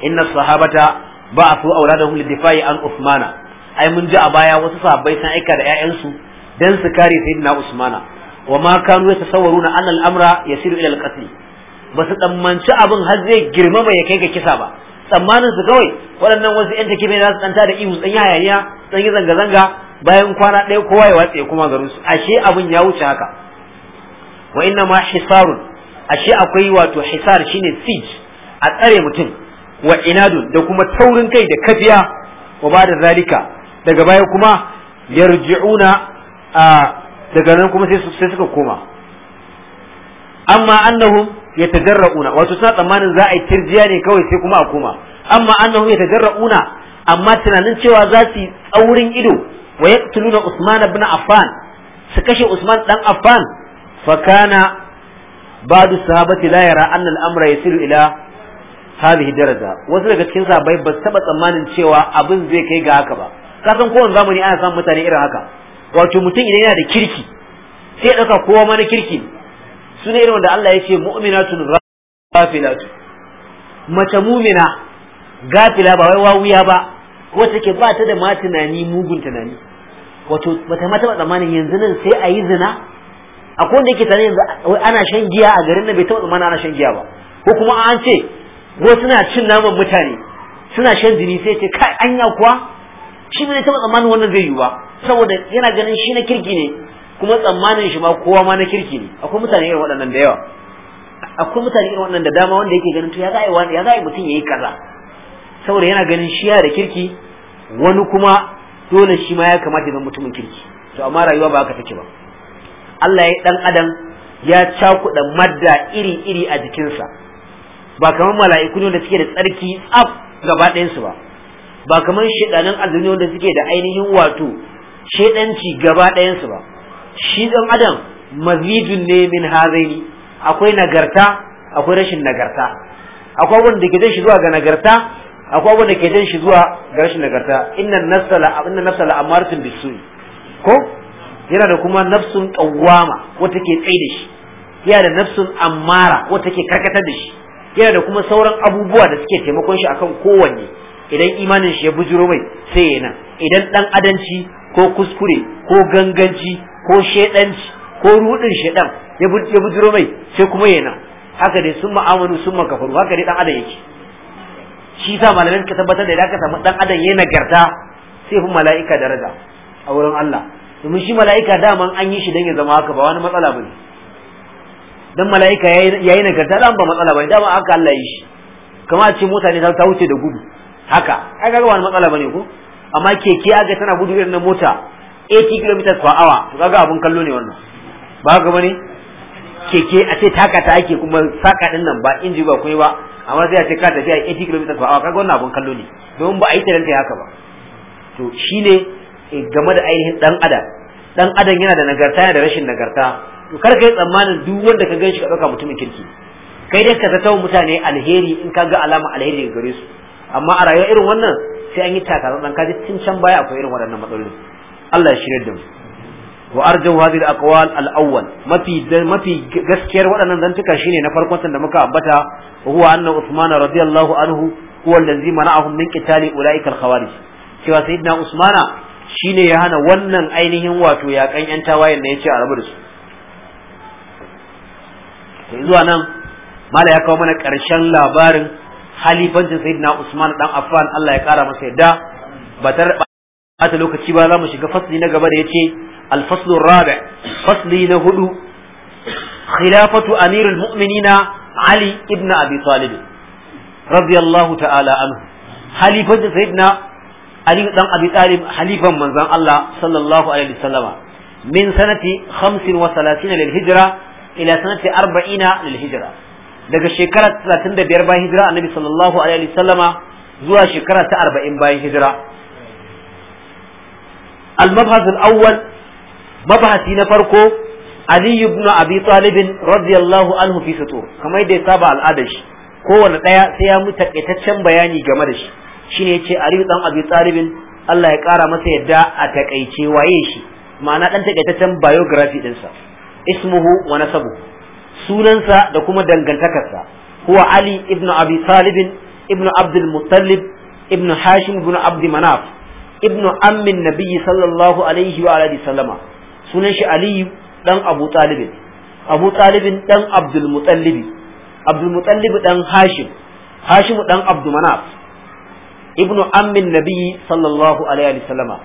inna sahabata ba'athu auladahum lidifai an usmana ai mun ji a baya wasu sahabbai sun aika da su dan su kare sayyidina usmana wa ma kanu yatasawwaruna an al-amra yasiru ila al-qatl ba su tsammanci abin har zai girmama ya kai ga kisa ba tsammanin su kawai waɗannan wasu ƴan take ne za su tsanta da ihu tsanya yayya tsanya zanga-zanga bayan kwana ɗaya kowa ya watse kuma garin su ashe abin ya wuce haka wa inna ma hisarun ashe akwai wato hisar shine siege a tsare mutum wa inadun da kuma taurin kai da kafiya wa ba da zalika daga baya kuma yarji'una a daga nan kuma sai suka koma amma annahum yatajarrauna wato suna tsammanin za a yi tirjiya ne kawai sai kuma a koma amma annahum yatajarrauna amma tunanin cewa za su yi tsaurin ido wa yaqtuluna Usman bin Affan su kashe Usman dan Affan Fakana, kana ba'du sahabati la yara amra yasiru ila hadhihi daraja wasu daga cikin sahabbai ba taba tsammanin cewa abin zai kai ga haka ba kasan kowane zamani ana samun mutane irin haka wato mutum idan yana da kirki sai ya dauka kowa mana kirki su ne irin wanda Allah ya ce mu'minatun rafilatu mace mumina gafila ba wai wawiya ba wacce ke ba ta da ma tunani mugun tunani wato bata ma taɓa tsammanin yanzu nan sai a yi zina a kowanne yake tare yanzu ana shan giya a garin nan bai taɓa tsammanin ana shan giya ba ko kuma an ce wasu na cin naman mutane suna shan jini sai ce kai ya kuwa shi ne taɓa tsammanin wannan zai yi ba saboda yana ganin shi na kirki ne kuma tsammanin shi ma kowa ma na kirki ne akwai mutane irin waɗannan da yawa akwai mutane irin waɗannan da dama wanda yake ganin to ya za a yi mutum ya yi kaza saboda yana ganin shi yana da kirki wani kuma dole shi ma ya kamata ya zama mutumin kirki to amma rayuwa ba haka take ba Allah ya dan adam ya cakuɗa madda iri-iri a jikinsa ba kamar mala'iku ne da suke da tsarki af gaba ɗayansu ba ba kamar shedanan azumi wanda suke da ainihin wato shedanci gaba ɗayansu ba shi dan adam mazidun ne min hazaini akwai nagarta akwai rashin nagarta akwai wanda ke zai shi zuwa ga nagarta akwai abu da ke jan shi zuwa ga rashin nagarta inna nasala inna nasala amartin bisu'i ko yana da kuma nafsun qawwama wata ke tsaye da shi yana da nafsun ammara wata ke karkatar da shi yana da kuma sauran abubuwa da suke taimakon shi akan kowanne idan imanin shi ya bujuro mai sai yana. idan dan adanci ko kuskure ko ganganci ko shedanci ko rudin shedan ya bujuro mai sai kuma yana, haka dai sun ma'amalu sun makafaru haka dai dan adam yake shi sa malamai suka tabbatar da idan ka samu dan adam yayin nagarta sai fi mala'ika daraja a wurin Allah domin shi mala'ika daman an yi shi dan ya zama haka ba wani matsala bane dan mala'ika yayi nagarta dan ba matsala bane dama haka Allah yi shi kamar a ce mota ne ta wuce da gudu haka ai ga wani matsala bane ko amma keke aga tana gudu irin na mota 80 km per hour to kaga abun kallo ne wannan ba ga bane keke a ce taka ta ake kuma saka din nan ba inji ba kuma ba amma sai a ce ka tafiya 80 km per hour kaga wannan abun kallo ne domin ba a yi talanta haka ba to shine eh, game da ainihin dan adam dan adam yana da nagarta yana da rashin nagarta to kar ka yi tsammanin duk wanda ka ganshi ka dauka mutumin kirki kai dai ka zata mutane alheri in ka ga alama alheri daga gare su amma a rayuwa irin wannan sai an yi dan kaji tun can baya akwai irin waɗannan matsaloli Allah ya shirya da mu wa arjahu a al-aqwal al-awwal mafi gaskiyar waɗannan zantuka shine na farkon da muka ambata huwa anna usmana radiyallahu anhu huwa allazi mana'ahum min qitali ulaika al-khawarij cewa sayyidina Usmana shine ya hana wannan ainihin wato yakan yan tawayen da yace a rabu da su zuwa nan mala ya kawo mana karshen labarin halifancin sayyidina usmana dan Affan Allah ya kara masa yadda ba tare lokaci ba za mu shiga fasli na gaba da yace الفصل الرابع فصل نهدو خلافة أمير المؤمنين علي ابن أبي طالب رضي الله تعالى عنه حليفة سيدنا علي بن أبي طالب حليفا من زن الله صلى الله عليه وسلم من سنة خمس وثلاثين للهجرة إلى سنة أربعين للهجرة daga shekara 35 bayan hijira annabi sallallahu alaihi wasallama zuwa shekara ta 40 bayan hijira al-mabhas al-awwal mabahasi na farko Ali ibn Abi Talib radiyallahu anhu fi sutur kamar da ya saba al'adar shi kowanne daya sai ya mutu takaitaccen bayani game da shi shine yace Ali dan Abi Talib Allah ya kara masa yadda a takaice waye shi ma'ana dan takaitaccen biography din sa ismuhu wa nasabu sunansa da kuma dangantakarsa huwa Ali ibn Abi Talib ibn Abd al-Muttalib ibn Hashim ibn Abd Manaf ibn ammin nabiyyi sallallahu alaihi wa alihi sallama sunan shi aliyu dan abu talibin abu talibin dan abdul mutallibi abdul mutallibi dan hashim hashim dan abdul manaf ibnu ammin nabi sallallahu alaihi wa wasallama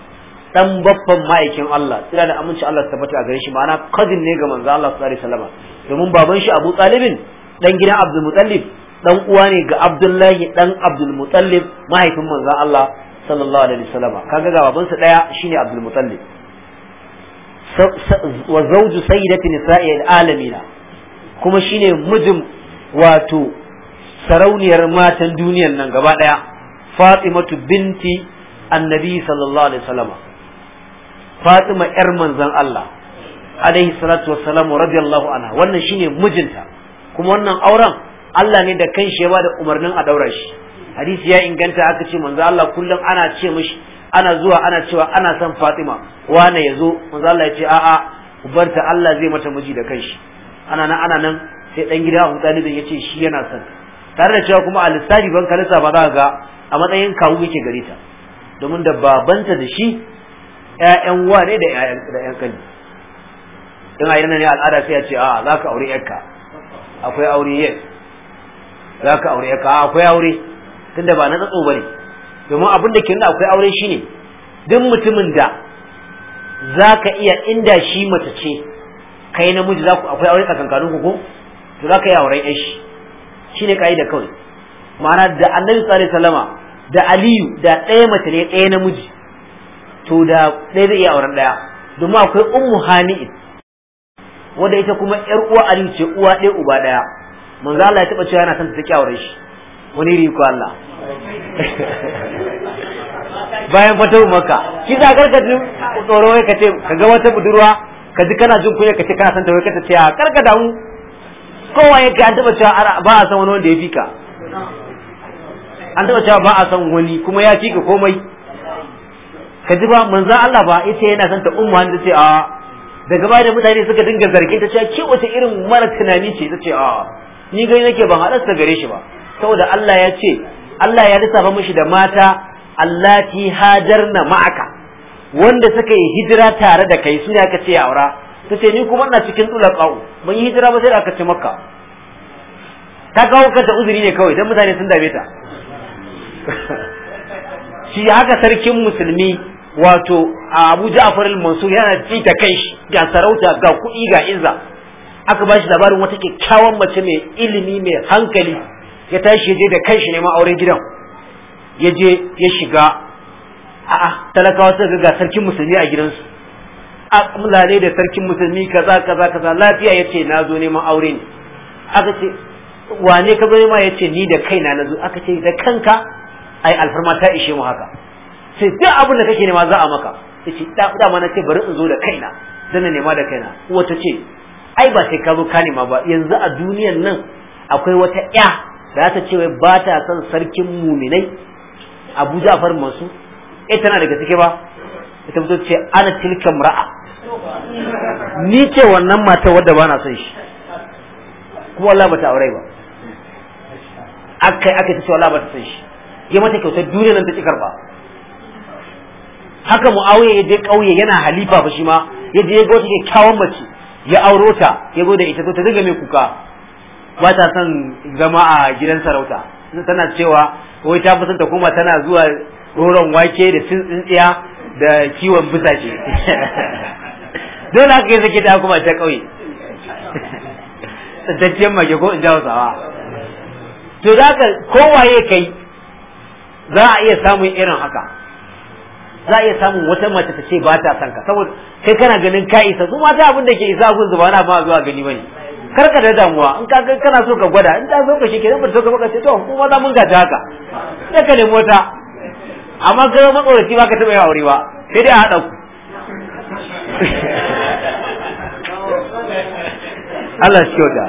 dan babban ma'aikin Allah tsira da aminci Allah ta tabbata a gare shi ma'ana kadin ne ga manzo Allah sallallahu alaihi wasallama domin baban shi abu talibin dan gidan abdul mutallib dan uwa ne ga abdullahi dan abdul mutallib mahaifin manzo Allah sallallahu alaihi wa wasallama kaga ga babansa daya shine abdul mutallib wa zawju sayyidati nisa'il alamina kuma shine mijin wato sarauniyar matan duniyar nan gaba daya fatimatu binti annabi sallallahu alaihi wasallam fatima yar manzon Allah alaihi salatu wassalam radiyallahu anha wannan shine mijinta kuma wannan auren Allah ne da kanshi ya bada umarnin a daura shi hadisi ya inganta aka ce manzo Allah kullum ana ce mishi ana zuwa ana cewa ana son Fatima wane ya zo manzo Allah ya ce a'a ubarta Allah zai mata miji da kanshi ana nan ana nan sai dan gida Abu Talib ya ce shi yana son tare da cewa kuma a lissafi ban kalisa ba za ga a matsayin kawu yake gare ta domin da babanta da shi ƴaƴan wane da ƴaƴan da ƴan kani dan ayyana ne al'ada sai ya ce a'a za ka aure yarka akwai aure yes za ka aure yarka akwai aure tunda ba na tsatso bane domin abin da ke nuna akwai aure shine duk mutumin da za ka iya inda shi mace ce kai namiji za ku akwai aure tsakankanin ku ko to za ka yi auren yan shi shine da kawai ma'ana da annabi sallallahu alaihi da aliyu da ɗaya mace ne ɗaya namiji to da ɗaya zai iya auren ɗaya domin akwai ummu hani'in wanda ita kuma yar uwa aliyu ce uwa ɗaya uba ɗaya manzo Allah ya taɓa cewa yana son ta take auren shi wani riko Allah bayan fatan maka ki za karka ji tsoro ka ce ka ga wata budurwa ka ji kana jin kunya ka ce kana san wai ka ce a ah, karka damu kowa yake an taba cewa ba a san wani wanda ya fi ka. an taba cewa ba a san wani kuma ya fi ka komai ka ji ba manzo Allah ba ita yana santa ta umma da ce a ah. daga baya da mutane suka dinga zargin ta cewa ke wata irin mara tunani ce ta ce a ah. ni gani nake ban halarta gare shi ba saboda Allah ya ce Allah ya lissafa mishi da mata allati hajarna ma'aka wanda suka yi hijira tare da kai sune aka ce aura ce ni kuma ina cikin tulaqau ban yi hijira ba sai aka ce makka ta kawo kanta uzuri ne kawai dan mutane sun dabe ta shi haka sarkin musulmi wato Abu Ja'far al-Mansur yana ci ta kai shi ga sarauta ga kuɗi ga izza aka bashi labarin wata kyakkyawan mace mai ilimi mai hankali ya tashi je da kanshi neman auren gidan ya je ya shiga a'a talakawa suka ga sarkin musulmi a gidansu a mulale da sarkin musulmi kaza kaza kaza lafiya yace na zo neman aure ne aka ce wane ka zo ya yace ni da kaina na zo aka ce da kanka ai alfarma ta ishe mu haka sai duk abin da kake nema za a maka yace dama na ce bari in zo da kaina dan na nema da kaina uwa ta ce ai ba sai ka zo ka nema ba yanzu a duniyan nan akwai wata ya da ta ce wai ba ta son sarkin muminai abu ja'far masu eh tana daga cike ba ita mutum ce ana tilka mura'a ni ce wannan mata wadda ba na son shi kuma Allah bata aure ba akai aka ta ce Allah bata son shi ya mata kyautar duniya nan ta ci karba haka mu'awiya ya je kauye yana halifa ba shi ma ya je ya ga wata kyakkyawan mace ya auro ta ya zo da ita to ta dinga mai kuka ba ta son zama a gidan sarauta tana cewa wai ta fi ta tana zuwa roron wake da tsintsiya da kiwon bisashe dole haka yi sake ta kuma ta ƙauye tsantacciyar mage ko in jawo sawa to za ka kowaye kai za a iya samun irin haka za a iya samun wata mace ta ce ba ta son ka saboda kai kana ganin ka isa su mata abin da ke isa abin zuba na ba zuwa gani ne. kar ka da damuwa in ka kana so ka gwada in ta so ka shi kenan ba so ka baka ce to kuma za mun gaji haka sai ka nemi wata amma ka zama matsoraci ba ka taɓa yi aure ba sai dai a haɗa ku Allah shi kyauta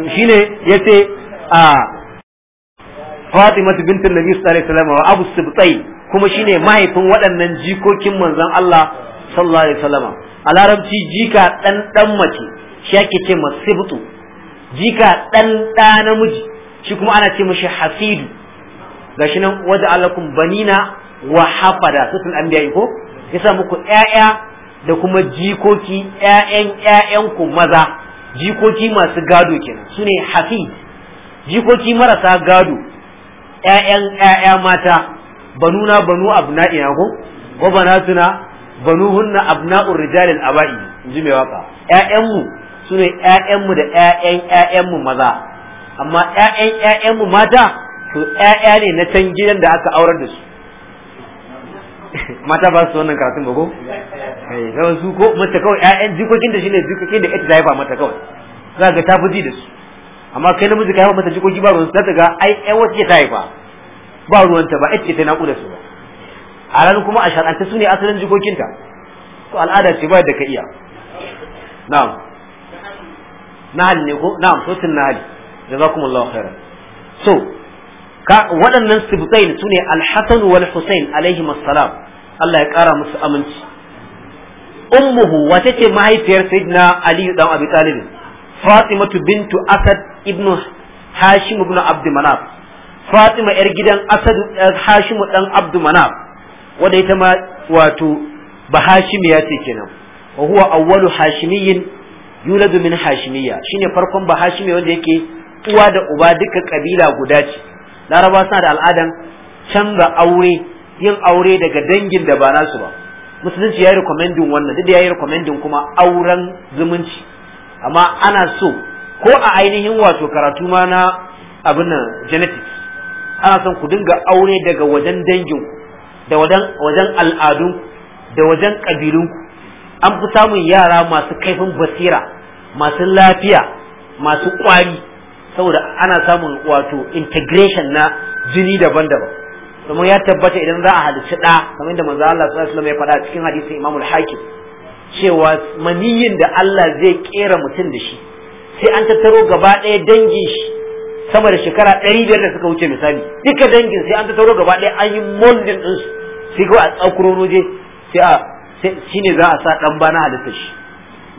ya yace a Fatima bint Nabi sallallahu alaihi wasallam wa Abu Sibtai kuma shine mahaifin waɗannan jikokin manzon Allah sallallahu alaihi wasallam a larabci jika dan dan mace shi ake ce masibtu jika dan da namiji shi kuma ana ce mishi hasidu gashi nan waje alakum banina wa hafada sun ambiya ko yasa muku ƴaƴa da kuma jikoki ƴaƴan ku maza jikoki masu gado kenan sune hafid jikoki marasa gado ƴaƴan ƴaƴa mata banuna banu ina ko ko banatuna banuhunna abna'ur rijalil aba'i ji mai waka mu. su ne ‘ya'yanmu da ‘ya'yan ‘ya'yanmu maza amma ‘ya'yan ‘ya'yanmu mata to ‘ya'ya ne na can gidan da aka aurar da su mata ba su wannan karatun ba ko eh, kawai su ko mata kawai ‘ya'yan jikokin da shine jikokin da ita ta haifa mata kawai za ga ta fi ji da su amma kai na muzika haifa mata jikoki ba ruwan za ta ga ai ‘yan ta haifa ba ta ba ita ta naƙuda su ba a ranar kuma a shar'anta su ne asalin jikokinta to al'ada ce ba da ka iya na'am nahal ne ko na'am suratul nahl jazakumullahu khairan so ka waɗannan sibtain sune al-hasan wal husain assalam Allah ya kara musu aminci ummuhu wata ce mahaifiyar sayyidina ali dan abi talib fatimatu bintu asad ibnu hashim ibn abd manaf fatima yar gidan asad hashim dan abd manaf wanda ita ma wato bahashimiya ce kenan wa huwa awwalu hashimiyin yuladu min hashimiyya shine farkon ba hashimiyya wanda yake uwa da uba duka kabila guda ce laraba suna da al'adan canza aure yin aure daga dangin da ba nasu ba musulunci ya yi recommending wannan duk da ya yi recommending kuma auren zumunci amma ana so ko a ainihin wato karatu ma na abin nan genetics ana son ku dinga aure daga wajen danginku da wajen al'adunku da wajen ƙabilunku an fi samun yara masu kaifin basira masu lafiya masu kwari saboda ana samun wato integration na jini daban-daban domin ya tabbata idan za a halicci ɗa kamar da manzo Allah sallallahu alaihi ya faɗa cikin hadisin Imam al-Hakim cewa maniyin da Allah zai kera mutum da shi sai an tattaro gaba ɗaya dangin shi sama da shekara ɗari biyar da suka wuce misali duka dangin sai an tattaro gaba ɗaya an yi ɗin su, sai ko a tsakuro sai a shine za a sa dan bana halitta shi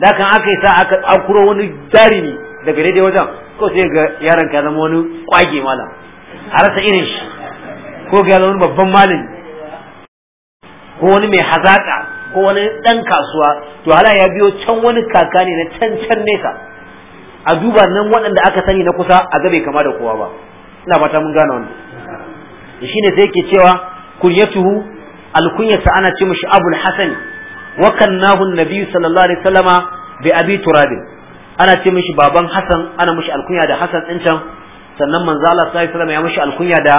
da kan aka yi sa aka akuro wani jarimi daga daidai wajen ko sai ga yaron ka zama wani kwage malam a rasa irin shi ko ga wani babban malami ko wani mai hazaka ko wani dan kasuwa to hala ya biyo can wani kaka ne na can can nesa a duba nan waɗanda aka sani na kusa a ga bai kama da kowa ba ina fata mun gane wannan shine sai yake cewa kunyatuhu alkunyata ana ce mishi abul hasani wakannahu annabi sallallahu alaihi wasallama bi abi turabin ana ce mishi baban hasan ana mishi alkunya da hasan din can sannan manzo Allah sallallahu alaihi wasallama ya mishi alkunya da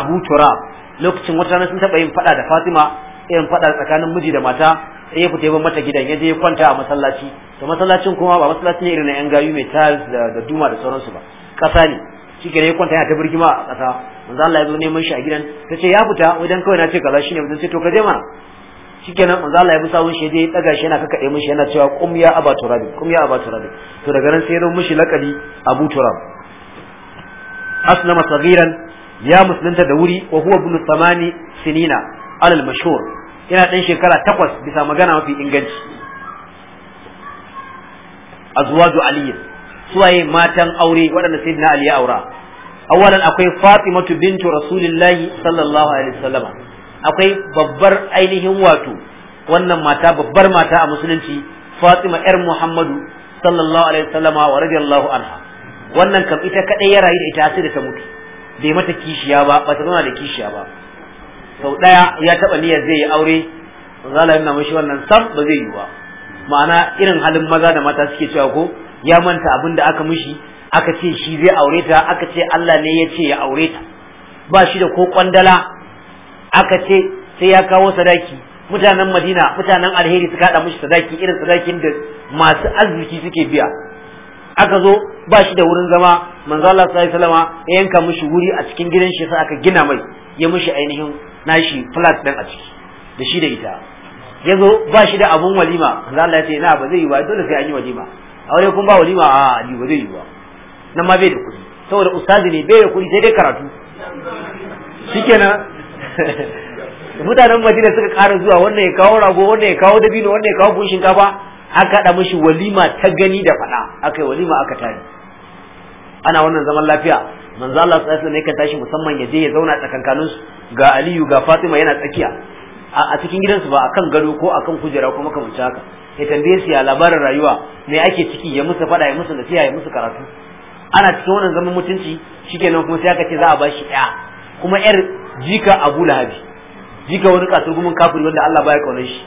abu turab lokacin wata rana sun taba yin fada da fatima irin fada tsakanin miji da mata sai ya fita ya mata gidan ya je ya kwanta a masallaci to masallacin kuma ba masallaci ne irin na yan gayu mai tiles da duma da sauransu ba kasa ne shi shikenan ya kwanta yana ta birgima a kasa manzo Allah ya zo neman shi a gidan ta ce ya fita wajen kawai na ce kaza shine mutum sai to ka je mana shikenan manzo Allah ya bi sawun shi dai daga shi yana dai mushi yana cewa qum ya aba turab qum ya aba turab to daga nan sai ya shi lakabi abu turab aslama sagiran ya musulunta da wuri wa huwa ibn samani sinina alal mashhur yana dan shekara takwas bisa magana mafi inganci azwaju ali suwaye matan aure waɗanda sayyidina ali ya aura awalan akwai fatimatu bintu rasulillahi sallallahu alaihi wasallam akwai babbar ainihin wato wannan mata babbar mata a musulunci Fatima yar Muhammadu sallallahu alaihi wasallama wa radiyallahu anha wannan kam ita kadai ya rayu da ita sai da ta mutu bai mata kishiya ba ba ta zama da kishiya ba sau daya ya taba niyyar zai yi aure zalamin na mishi wannan sam ba zai yi ba ma'ana irin halin maza da mata suke cewa ko ya manta abin da aka mishi aka ce shi zai aure ta aka ce Allah ne ya ce ya aure ta ba shi da ko kwandala aka ce sai ya kawo sadaki mutanen madina mutanen alheri suka haɗa mushi sadaki irin sadakin da masu arziki suke biya aka zo ba shi da wurin zama manzo Allah sallallahu alaihi wasallama ya yanka mushi wuri a cikin gidan shi sai aka gina mai ya mushi ainihin nashi flat din a ciki da shi da ita ya zo ba shi da abun walima manzo Allah ya ce na ba zai yi ba dole sai an yi walima wurin kun ba walima a ali ba zai yi ba nan ma bai da kuɗi saboda ustazi ne bai da kuɗi sai dai karatu shikenan mutanen madina suka kara zuwa wannan ya kawo rago wannan ya kawo dabino wannan ya kawo buhun shinkafa aka haɗa mishi walima ta gani da faɗa aka yi walima aka tare ana wannan zaman lafiya manzo Allah sallallahu alaihi wasallam yakan tashi musamman ya je ya zauna tsakankanin su ga Aliyu ga Fatima yana tsakiya a cikin gidansu ba akan gado ko akan kujera ko makamanci haka ya tambaye su ya labarin rayuwa me ake ciki ya musu faɗa ya musu nasiha ya musu karatu ana cikin wannan zaman mutunci shikenan kuma sai aka ce za a bashi ɗaya kuma yar jika abu lahabi jika wani kasurgumin kafiri wanda Allah baya kaunar shi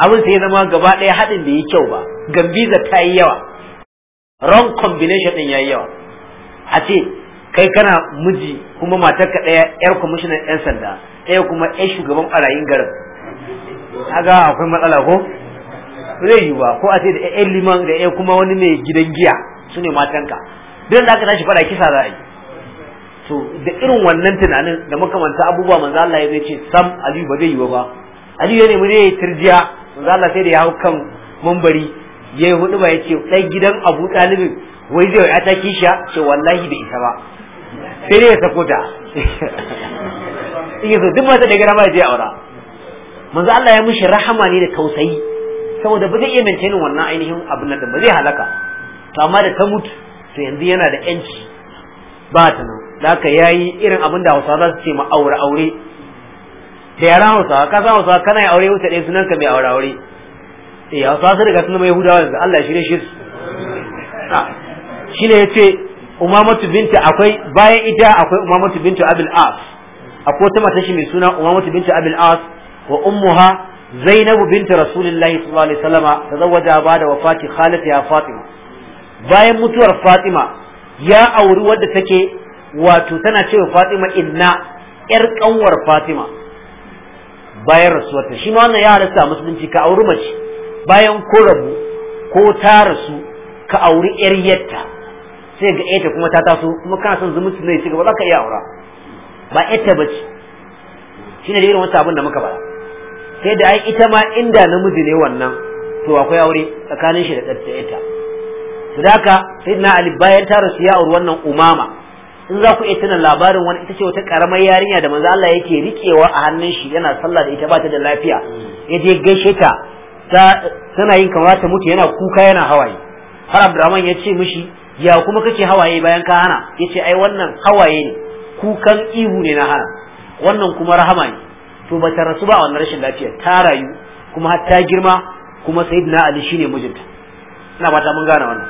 abin sai zama gaba ɗaya haɗin da yi kyau ba gambiza ta yi yawa wrong combination ɗin ya yi yawa a ce kai kana miji kuma matarka ɗaya yar kwamishinan yan sanda ɗaya kuma yan shugaban ɓarayin garin kaga akwai matsala ko zai yi ba ko a ce da yan liman da yan kuma wani mai gidan giya su ne matanka duk da aka tashi faɗa kisa za a yi to da irin wannan tunanin da makamanta abubuwa manzo Allah ya ce sam Aliyu ba zai yi ba Aliyu ya nemi ne turjiya manzo Allah sai da ya hau kan ya yayi hudu ba yace dai gidan Abu Talibin wai zai ya ta shi ce wallahi bai isa ba sai dai ya sako ta yake so duk mata da gara ma ya je aura manzo Allah ya mushi rahama ne da tausayi saboda ba zai iya maintainin wannan ainihin abin da ba zai halaka to amma da ta mutu to yanzu yana da yanci ba ta nan da ya yi irin abin da Hausawa za su ce ma aure aure da yaran Hausawa ka san Hausawa kana yi aure wuce ɗaya sunan ka mai aure aure eh Hausawa sun riga sun mai Yahudawa yanzu Allah ah, shi ne shi ne. shine yace Umamatu binta akwai bayan ita akwai Umamatu binta Abil As akwai wata mata shi mai suna Umamatu binta Abil As wa ummuha Zainabu binta Rasulullahi sallallahu alaihi wasallama tazawwaja ba da wafati khalatiha Fatima bayan mutuwar Fatima ya auri wadda take wato tana cewa Fatima inna yar kanwar Fatima bayan rasuwarta shi ma wannan ya halatta musulunci ka auri mace bayan ko rabu ko ta rasu ka auri yar yatta sai ga ita kuma ta taso kuma kana son zumunci ne ci gaba za ka iya aura ba ita bace shine da irin wata abin da muka bada sai da ai ita ma inda namiji ne wannan to akwai aure tsakanin shi da ita to da haka na ali bayan ta rasu ya auri wannan umama in za ku iya tuna labarin wani ita ce wata karamar yarinya da manzo Allah yake riƙewa a hannun shi yana sallah da ita ba ta da lafiya mm. ya je gaishe ta tana yin kamar ta mutu yana kuka yana hawaye har Abdurrahman ya ce mishi ya kuma kake hawaye bayan ka hana ya ce ai wannan hawaye ne kukan ihu ne na hana wannan kuma rahama ne to ba rasu ba wannan rashin lafiya ta rayu kuma har ta girma kuma sayyidina Ali shine mijinta ina ba ta mun gane wannan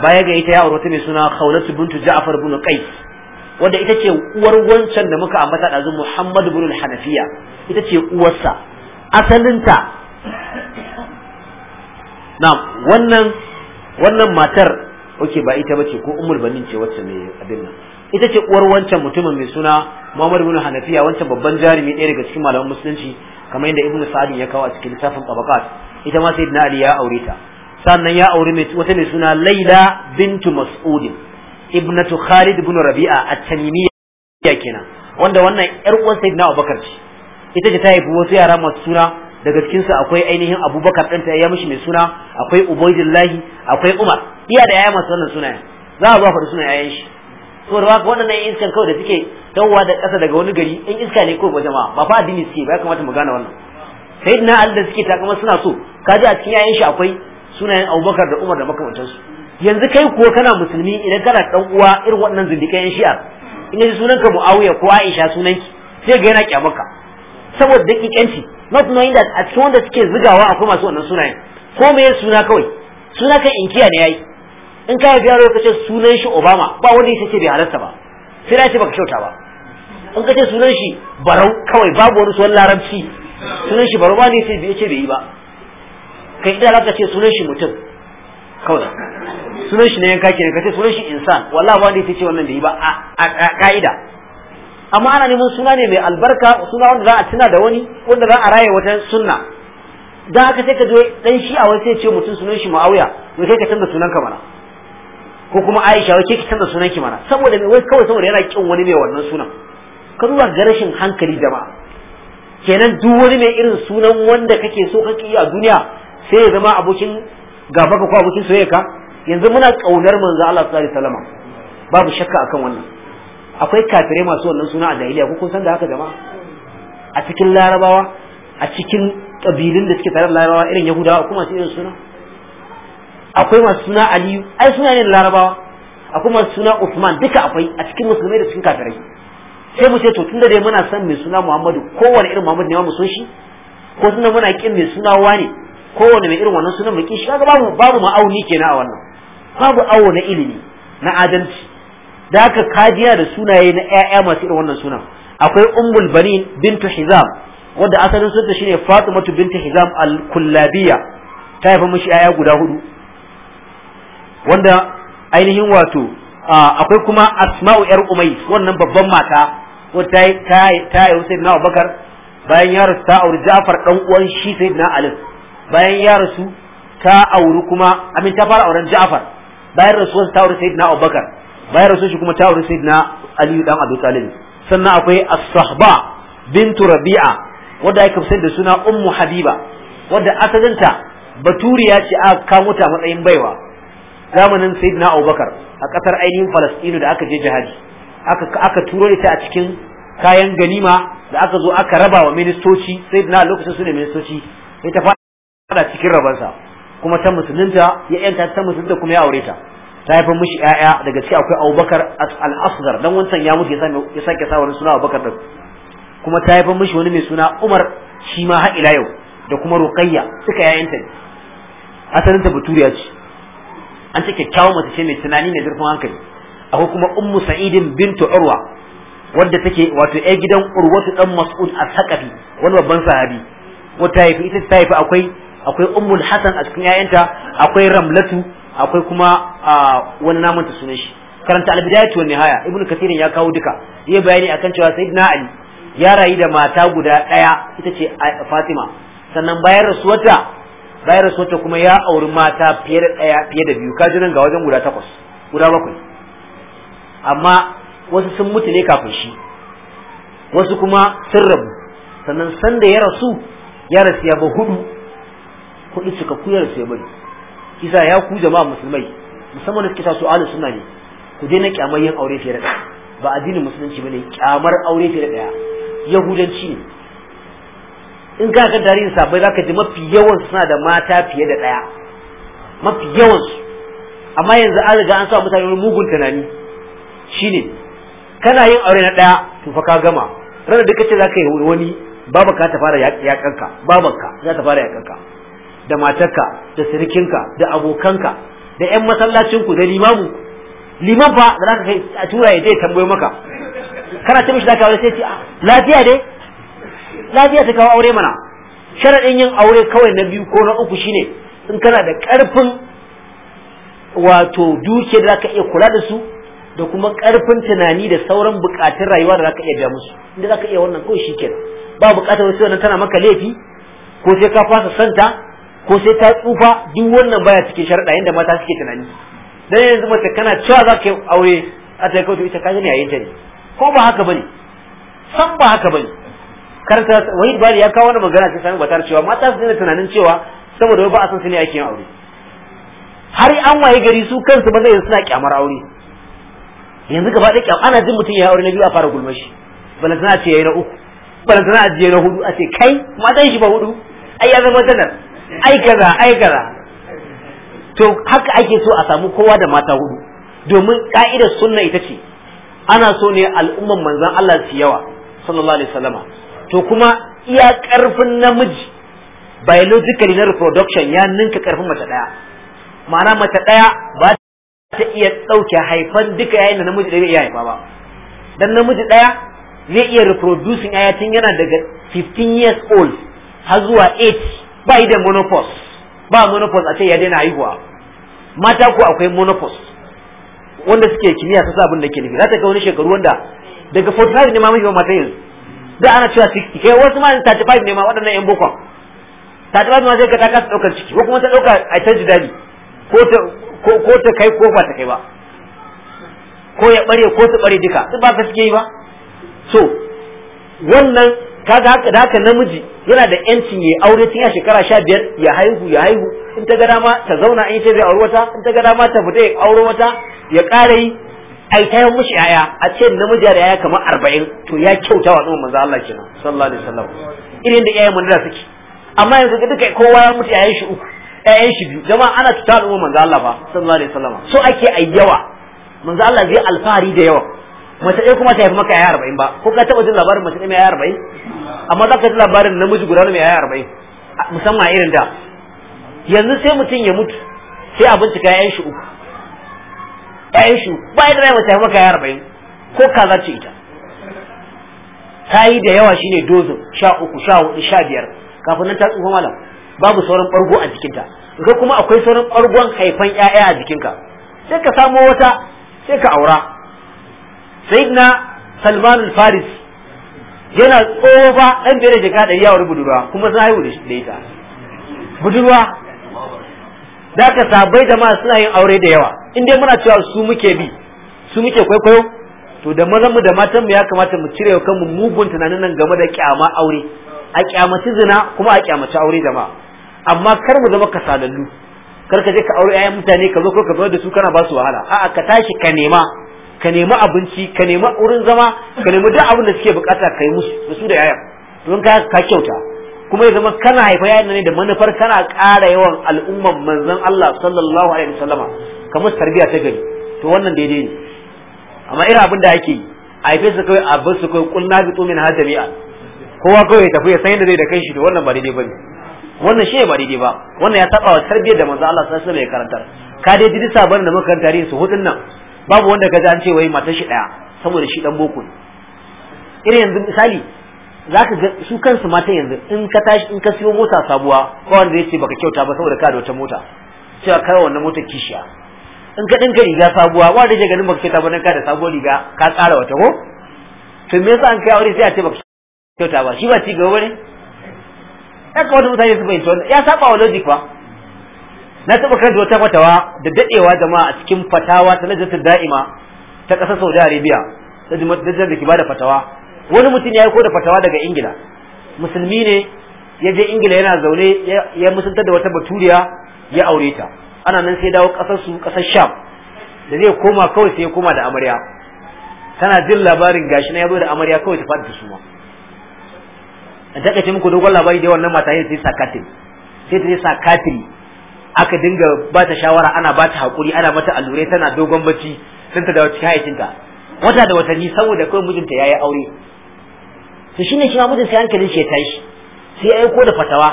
baya ga ita ya aure ta mai suna Khawlatu bintu Ja'far bin Qais wanda ita ce uwar wancan da muka ambata ɗazu Muhammad ibn al-Hanafiya ita ce uwarsa asalinta na wannan wannan matar oke ba ita bace ko ummul banin ce wacce mai abin nan ita ce uwar wancan mutumin mai suna Muhammadu bin Hanafiya wancan babban jarumi ɗaya daga cikin malaman musulunci kamar yadda Ibn Sa'd ya kawo a cikin littafin Tabaqat ita ma Sayyidina Ali ya aure ta sannan ya aure wata mai suna Laila bintu Mas'udin ibnatu Khalid ibn Rabi'a at-Tamimiyya kenan wanda wannan yar uwar Sayyidina Abubakar ce ita ce ta haifi wasu yara masu suna daga cikin su akwai ainihin Abubakar ta ya mishi mai suna akwai Ubaidillahi akwai Umar iya da yaya masu wannan sunayen za a zo a faɗi sunan yayan shi saboda wannan waɗannan iskan kawai da suke tawwa da ƙasa daga wani gari in iska ne kawai jama'a ba fa addini suke ba ya kamata mu gane wannan sayyidina Ali da suke takama suna so kaji a cikin yayan shi akwai sunayen Abubakar da Umar da makamantansu yanzu kai kuwa kana musulmi idan kana dan uwa irin waɗannan zindikan yan shi'a in yaji sunanka Muawiya ko Aisha sunanki sai ga yana kyamaka saboda dakikanci not knowing that a cikin wanda suke zigawa akwai masu wannan sunayen ko me suna kawai suna kan inkiya ne yayi in ka ga yaro kace sunan shi Obama ba wanda yake ce bai halarta ba sai na ce baka kyauta ba in kace sunan shi Barau kawai babu wani sunan larabci sunan shi Barau ba ne sai bai ce bai yi ba kai idan ka ce sunan shi mutum kawai sunan shi ne yanka kenan kace sunan shi insan wallahi wanda yake ce wannan da yi ba a ka'ida amma ana neman suna ne mai albarka suna wanda za a tuna da wani wanda za a raye wata sunna dan haka sai ka je dan shi a wani sai ce mutum sunan shi Muawiya wai kai ka canza sunan ka mana ko kuma Aisha wai kai ka canza sunan ki mana saboda me wai kawai saboda yana kin wani mai wannan sunan ka zuwa ga rashin hankali jama'a kenan duk wani mai irin sunan wanda kake so kake yi a duniya sai ya zama abokin ga ka ko abokin soyayya ka yanzu muna kaunar manzo Allah sallallahu alaihi wasallam babu shakka akan wannan akwai kafirai masu wannan suna a jahiliya ko kun san da haka jama'a a cikin larabawa a cikin kabilun da suke tare da larabawa irin yahudawa kuma su irin suna akwai masu suna aliyu ai suna ne larabawa akwai masu suna usman duka akwai a cikin musulmai da cikin kafirai sai mu ce to tunda dai muna san mai suna muhammadu kowane irin muhammadu ne ma mu so shi ko tunda muna kin mai suna wane kowane mai irin wannan sunan mai kishi kaga babu babu ma'auni kenan a wannan babu awo na ilimi na adalci da haka kajiya da sunaye na ƴaƴa masu irin wannan sunan akwai ummul banin bintu hizam wanda asalin sunta shine fatimatu bintu hizam al-kullabiya ta haifa mishi ƴaƴa guda hudu wanda ainihin wato akwai kuma asma'u yar umais wannan babban mata wanda ta ta ta yi na abubakar bayan ya rasu ta auri ja'far dan uwan shi na alif bayan ya rasu ta auri kuma amin ta fara auren Ja'far bayan rasuwar ta auri Sayyidina Abubakar bayan rasuwar shi kuma ta auri Sayyidina Ali dan Abi Talib sannan akwai As-Sahba bintu Rabi'a wadda aka fi da suna Ummu Habiba wadda asalinta baturiya ce a kamo ta matsayin baiwa zamanin Sayyidina Abubakar a kasar ainihin Falastinu da aka je jihadi aka aka turo ta a cikin kayan ganima da aka zo aka raba wa ministoci Sayyidina lokacin su ne ministoci ita ana cikin rabansa kuma ta musulunta ya yanta ta musulunta kuma ya aure ta ta haifar mishi ƴaƴa daga ciki akwai Abubakar al-Asghar dan wancan ya mutu ya sake sa wani suna Abubakar din kuma ta haifar mishi wani mai suna Umar shi ma har ila yau da kuma Ruqayya suka ƴaƴanta ne asalin ta Baturiya ce an ce kyakkyawar mace ce mai tunani mai zurfin hankali akwai kuma Ummu Sa'idin bintu Urwa wadda take wato ƴar gidan Urwatu dan Mas'ud al-Thaqafi wani babban sahabi wata haifi ita ta haifi akwai akwai ummul hasan a cikin yayanta akwai ramlatu akwai kuma wani namun sunan shi karanta albidayatu wa nihaya ibnu kathirin ya kawo duka yayi bayani akan cewa sayyidina ali ya rayu da mata guda daya ita ce fatima sannan bayan rasuwarta bayan rasuwarta kuma ya auri mata fiye da daya fiye da biyu kaji nan ga wajen guda takwas guda bakwai amma wasu sun mutu ne kafin shi wasu kuma sun rabu sannan sanda ya rasu ya rasu ya ba hudu kuɗi suka kuyar sai bari kisa ya ku jama'a musulmai musamman da kisa su ala suna ne ku daina kyamar yin aure fiye da ɗaya ba addinin musulunci bane kyamar aure fiye da ɗaya yahudanci ne in ka ga tarihin sabai zaka ji mafi yawan suna da mata fiye da ɗaya mafi yawan su amma yanzu an riga an sa mutane mugun tunani shine kana yin aure na ɗaya to fa ka gama ranar da kace zaka yi wani baba ka ta fara yakanka babanka za ta fara yakanka da matarka da sirikinka da abokanka da yan masallacinku da limamu liman fa da zaka kai a tura ya je tambayo maka kana ta mishi zaka aure sai ce ah, lafiya dai lafiya ta kawo aure mana sharadin yin aure kawai na biyu ko na uku shine in kana da karfin wato duke da zaka iya kula da su da kuma karfin tunani da sauran bukatun rayuwa da zaka iya biya musu inda zaka iya wannan kawai shikenan ba bukatar wasu wannan tana maka laifi ko sai ka fasa santa ko sai ta tsufa duk wannan baya cikin sharaɗa yadda mata suke tunani dan yanzu mace kana cewa za ka yi aure a ta kawo ita ka ne yayin ta ne ko ba haka bane san ba haka bane karta wahid bari ya kawo wani magana sai sanin batar cewa mata su ne tunanin cewa saboda ba a san su ne ake yin aure har an waye gari su kansu ba zai suna kyamar aure yanzu gaba da kyamar ana jin mutum ya aure na biyu a fara gulmashi balantana ce yayi na uku balantana a je na hudu a ce kai matan shi ba hudu ai ya zama janar ai kaza ai kaza to haka ake so a samu kowa da mata hudu domin ka'idar sunna ita ce ana so ne al'ummar manzan Allah su yawa sallallahu alaihi wasallama to kuma iya karfin namiji biologically na reproduction ya ninka karfin mace daya ma'ana mace daya ba ta iya ɗauke haifan duka yayin da namiji ɗaya iya haifa ba dan namiji ɗaya zai iya reproducing ayatin yana daga 15 years old har zuwa 8 ba yi da monopause ba monopause a ce ya daina haihuwa mata ko akwai monopause wanda suke kimiyya ta abin da ke nufi za ta ga wani shekaru wanda daga 45 ne ma mafi mata yanzu da ana cewa 60 kai wasu ma 35 ne ma waɗannan yan bokon 35 ma sai ka ta kasa ɗaukar ciki ko kuma ta ɗauka a ta jidali ko ta ko ta kai ko ba ta kai ba ko ya ɓare ko ta ɓare duka su ba ka yi ba so wannan kaga haka da haka namiji yana da yancin ya aure tun ya shekara sha biyar ya haihu ya haihu in ta ga dama ta zauna in ta zai aure wata in ta ga dama ta fita ya aure wata ya ƙara yi ai ta yi mushi yaya a ce namiji da yaya kamar arba'in to ya kyauta wa tsohon manzo Allah kenan sallallahu alaihi wasallam irin da yayan manzo suke amma yanzu ga duka kowa ya mutu yayan shi uku yayan shi biyu jama'a ana tuta da manzo Allah fa sallallahu alaihi wasallam so ake ayyawa manzo Allah zai alfahari da yawa mace ɗaya kuma ta haifi maka yaya arba'in ba ko ka taɓa jin labarin mace ɗaya mai yaya arba'in amma za ka ji labarin namiji guda mai yaya arba'in musamman a irin da yanzu sai mutum ya mutu sai a bincika ya'yan shi uku ya'yan shi ba yadda ya haifi maka yaya arba'in ko kaza ce ita ta yi da yawa shine dozo sha uku sha hudu sha biyar kafin nan ta tsufa malam babu sauran ɓargo a jikinta ga kuma akwai sauran ɓargon haifan ƴaƴa a jikinka sai ka samo wata sai ka aura sayyidina salman al-faris yana tsofa dan biyar da jaka da yawar budurwa kuma sun haihu da ita budurwa da ka sabai jama'a suna yin aure da yawa in dai muna cewa su muke bi su muke kwaikwayo to da mazan mu da matan mu ya kamata mu cire wa kanmu mugun tunanin nan game da kyama aure a kyamaci zina kuma a kyamaci aure jama'a amma kar mu zama kasalallu kar ka je ka aure 'ya'yan mutane ka zo ka zo da su kana ba su wahala a'a ka tashi ka nema ka nemi abinci ka nemi wurin zama ka nemi duk abin da suke bukata ka yi musu da su da yayan don ka ka kyauta kuma ya zama kana haifa yayan ne da manufar kana ƙara yawan al'umman manzon Allah sallallahu alaihi wasallama kamar tarbiya ta gari to wannan daidai ne amma irin abin da ake yi a haife su kawai abin su kawai kulna bi tumin ha jami'a kowa kawai ya tafi ya san yadda zai da kai shi to wannan ba daidai bane wannan shi ba daidai ba wannan ya taba wa tarbiyyar da manzon Allah sallallahu alaihi wasallama ya karantar ka dai ji sabanin da muka tarihi su hudun nan babu wanda kaji an ce wai matar shi daya saboda shi dan boko ne irin yanzu misali zaka ga su kansu mata yanzu in ka tashi in ka siyo mota sabuwa ko wanda ya ce baka kyauta ba saboda ka da wata mota cewa kai wannan motar kishiya in ka dinka riga sabuwa ba da yake ganin baka kyauta ba dan ka da sabuwar riga ka tsara wata ko to me yasa an kai aure sai a ce baka kyauta ba shi ba ci gaba ne ya kamata mutane su bayyana ya saba wa logic ba na taɓa karanta wata fatawa da daɗewa jama'a a cikin fatawa ta ta da'ima ta ƙasar Saudi Arabia ta da ke bada fatawa wani mutum ya yi ko da fatawa daga Ingila musulmi ne ya je Ingila yana zaune ya musuntar da wata baturiya ya aure ta ana nan sai dawo ƙasar su ƙasar Sham da zai koma kawai sai ya koma da amarya tana jin labarin gashi na ya zo da amarya kawai ta faɗi ta suma a takaice muku dogon labari da wannan mata sai sakatin sai ta je aka dinga ba ta shawara ana ba ta haƙuri ana mata allurai tana dogon bacci sun ta dawo cikin hayacinta wata da watanni saboda kawai mijinta ya yi aure to shine shi ma mijin sai hankalin shi ya tashi sai ya aiko da fatawa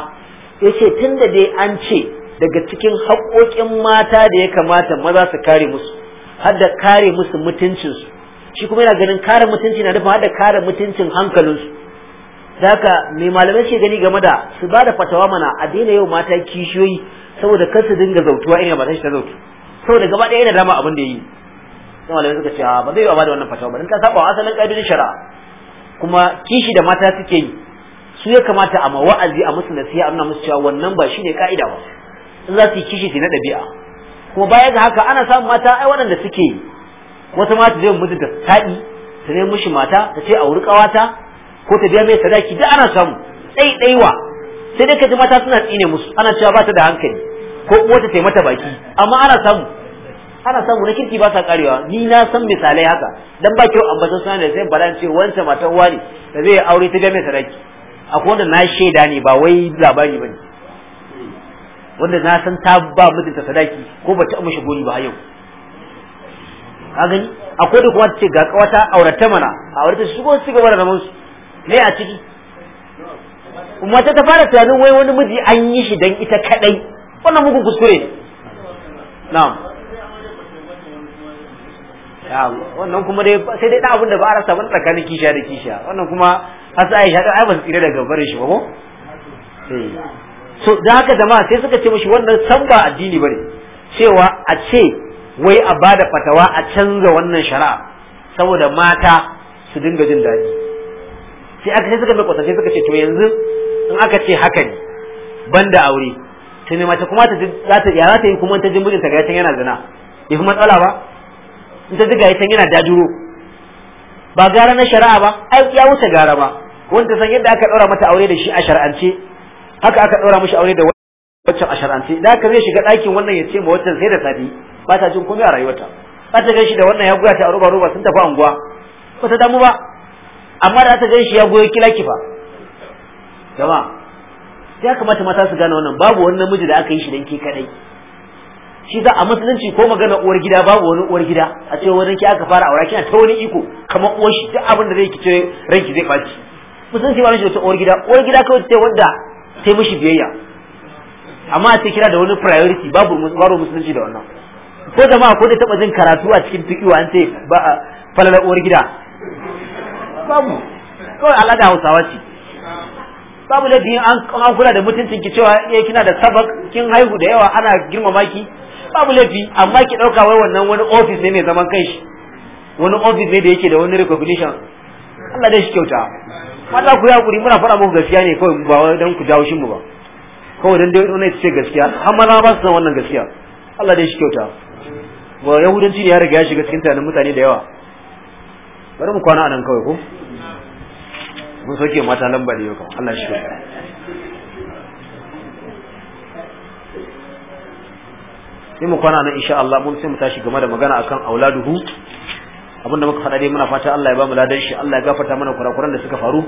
ya ce tun da dai an ce daga cikin haƙoƙin mata da ya kamata maza su kare musu har da kare musu mutuncinsu shi kuma yana ganin kare mutunci na dafa har da kare mutuncin hankalinsu da haka mai malamai ke gani game da su ba da fatawa mana a daina yau mata kishiyoyi saboda kar su dinga zautuwa ina ba ta ta zautu saboda gaba ɗaya yana dama abin da yi sai malamai suka ce a ah, ba zai yi ba da wannan fatawa ba in ka saba asalin ƙa'idun shari'a kuma kishi da mata suke yi su ya kamata a wa'azi a musu nasiha nuna musu cewa wannan ba shine ka'ida ba in za su yi kishi su na ɗabi'a kuma baya ga haka ana samun mata ai waɗanda suke yi wata mata zai mutu da taɗi ta nemi mishi mata ta ce a wuri ƙawata ko ta biya mai sadaki duk ana samu ɗaiɗaiwa sai dai ka ji mata suna tsine musu ana cewa ba ta da hankali ko uwa ta mata baki amma ana samu ana samu na kirki ba sa karewa ni na san misalai haka dan ba kyau ambatan sanar da sai bala ce wancan matan uwa ne, da zai aure ta ga mai sadaki akwai wanda na shaida ne ba wai labari bane wanda na san ta ba mijinta sadaki ko ba ta amshi goni ba yau ka gani akwai da kuma ce ga kawata aurata mana aurata su ko su gaba da zaman ne a ciki mace ta fara tunanin wai wani miji an yi shi dan ita kadai wannan mugun kuskure na'am wannan kuma dai sai dai abin da ba a rasa tsakanin kisha da kisha wannan kuma har sai Aisha ai ba su tsira daga bare shi ba ko eh. so da haka jama'a sai suka ce mishi wannan san ba addini bane cewa a ce wai a bada fatawa a canza wannan shari'a saboda mata su dinga jin daɗi sai aka sai suka mai kwatance suka ce to yanzu in aka ce haka ne banda aure to mai mace kuma ta za ta ya za ta yi kuma ta ji ta ga yana zina bai fi matsala ba in ta ji ga yana dajuro ba gara na shari'a ba ai ya wuce gara ba wanda san yadda aka ɗaura mata aure da shi a shari'ance, haka aka ɗaura mishi aure da waccan a shari'ance. da haka zai shiga ɗakin wannan ya ce ma waccan sai da safi ba ta jin komai a rayuwarta ba ta gan shi da wannan ya goya ta a roba roba sun tafi anguwa ba ta damu ba amma da ta gan shi ya goyi kila kifa jama'a sai kamata mata su gane wannan babu wani namiji da aka yi shi dan ke kadai shi za a musulunci ko magana uwar gida babu wani uwar gida a ce wani ke aka fara aura kina ta wani iko kamar uwar shi duk abin da zai kice ranki zai faci musulunci ba shi da uwar gida uwar gida kawai ta wanda ta yi mishi biyayya amma a ce kira da wani priority babu babu musulunci da wannan ko jama'a ko da taba jin karatu a cikin tukiwa an ce ba falalar uwar gida babu kawai al'ada Hausawa ce babu laifi an an kula da mutuncin ki cewa eh kina da sabak kin haihu da yawa ana girmama ki babu laifi amma ki dauka wai wannan wani office ne mai zaman kanshi wani office ne da yake da wani recognition Allah dai shi kyauta mata ku ya kuri muna fara muku gaskiya ne kawai ba dan ku dawo shin mu ba kawai dan dai wannan ce gaskiya amma na ba su san wannan gaskiya Allah dai shi kyauta wa yahudanci ne ya riga ya shiga cikin tunanin mutane da yawa bari mu kwana anan kawai ko mun soke mata lamba ne yau Allah shi sai mu kwana nan insha Allah mun sai mu tashi game da magana akan auladuhu abinda muka faɗa dai muna fata Allah ya bamu mu ladan shi Allah ya gafarta mana kurakuran da suka faru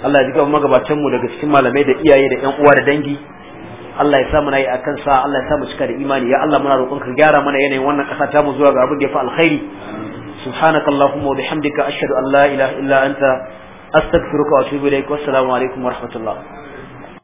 Allah ya ji gaban magabatan mu daga cikin malamai da iyaye da ƴan uwa da dangi Allah ya sa mu nayi akan sa Allah ya sa mu cika da imani ya Allah muna roƙon ka gyara mana yanayin wannan ƙasa ta mu zuwa ga abin da ya fi alkhairi subhanakallahumma wa bihamdika ashhadu an la ilaha illa anta astaghfiruka wa atubu ilaik wassalamu alaikum wa rahmatullah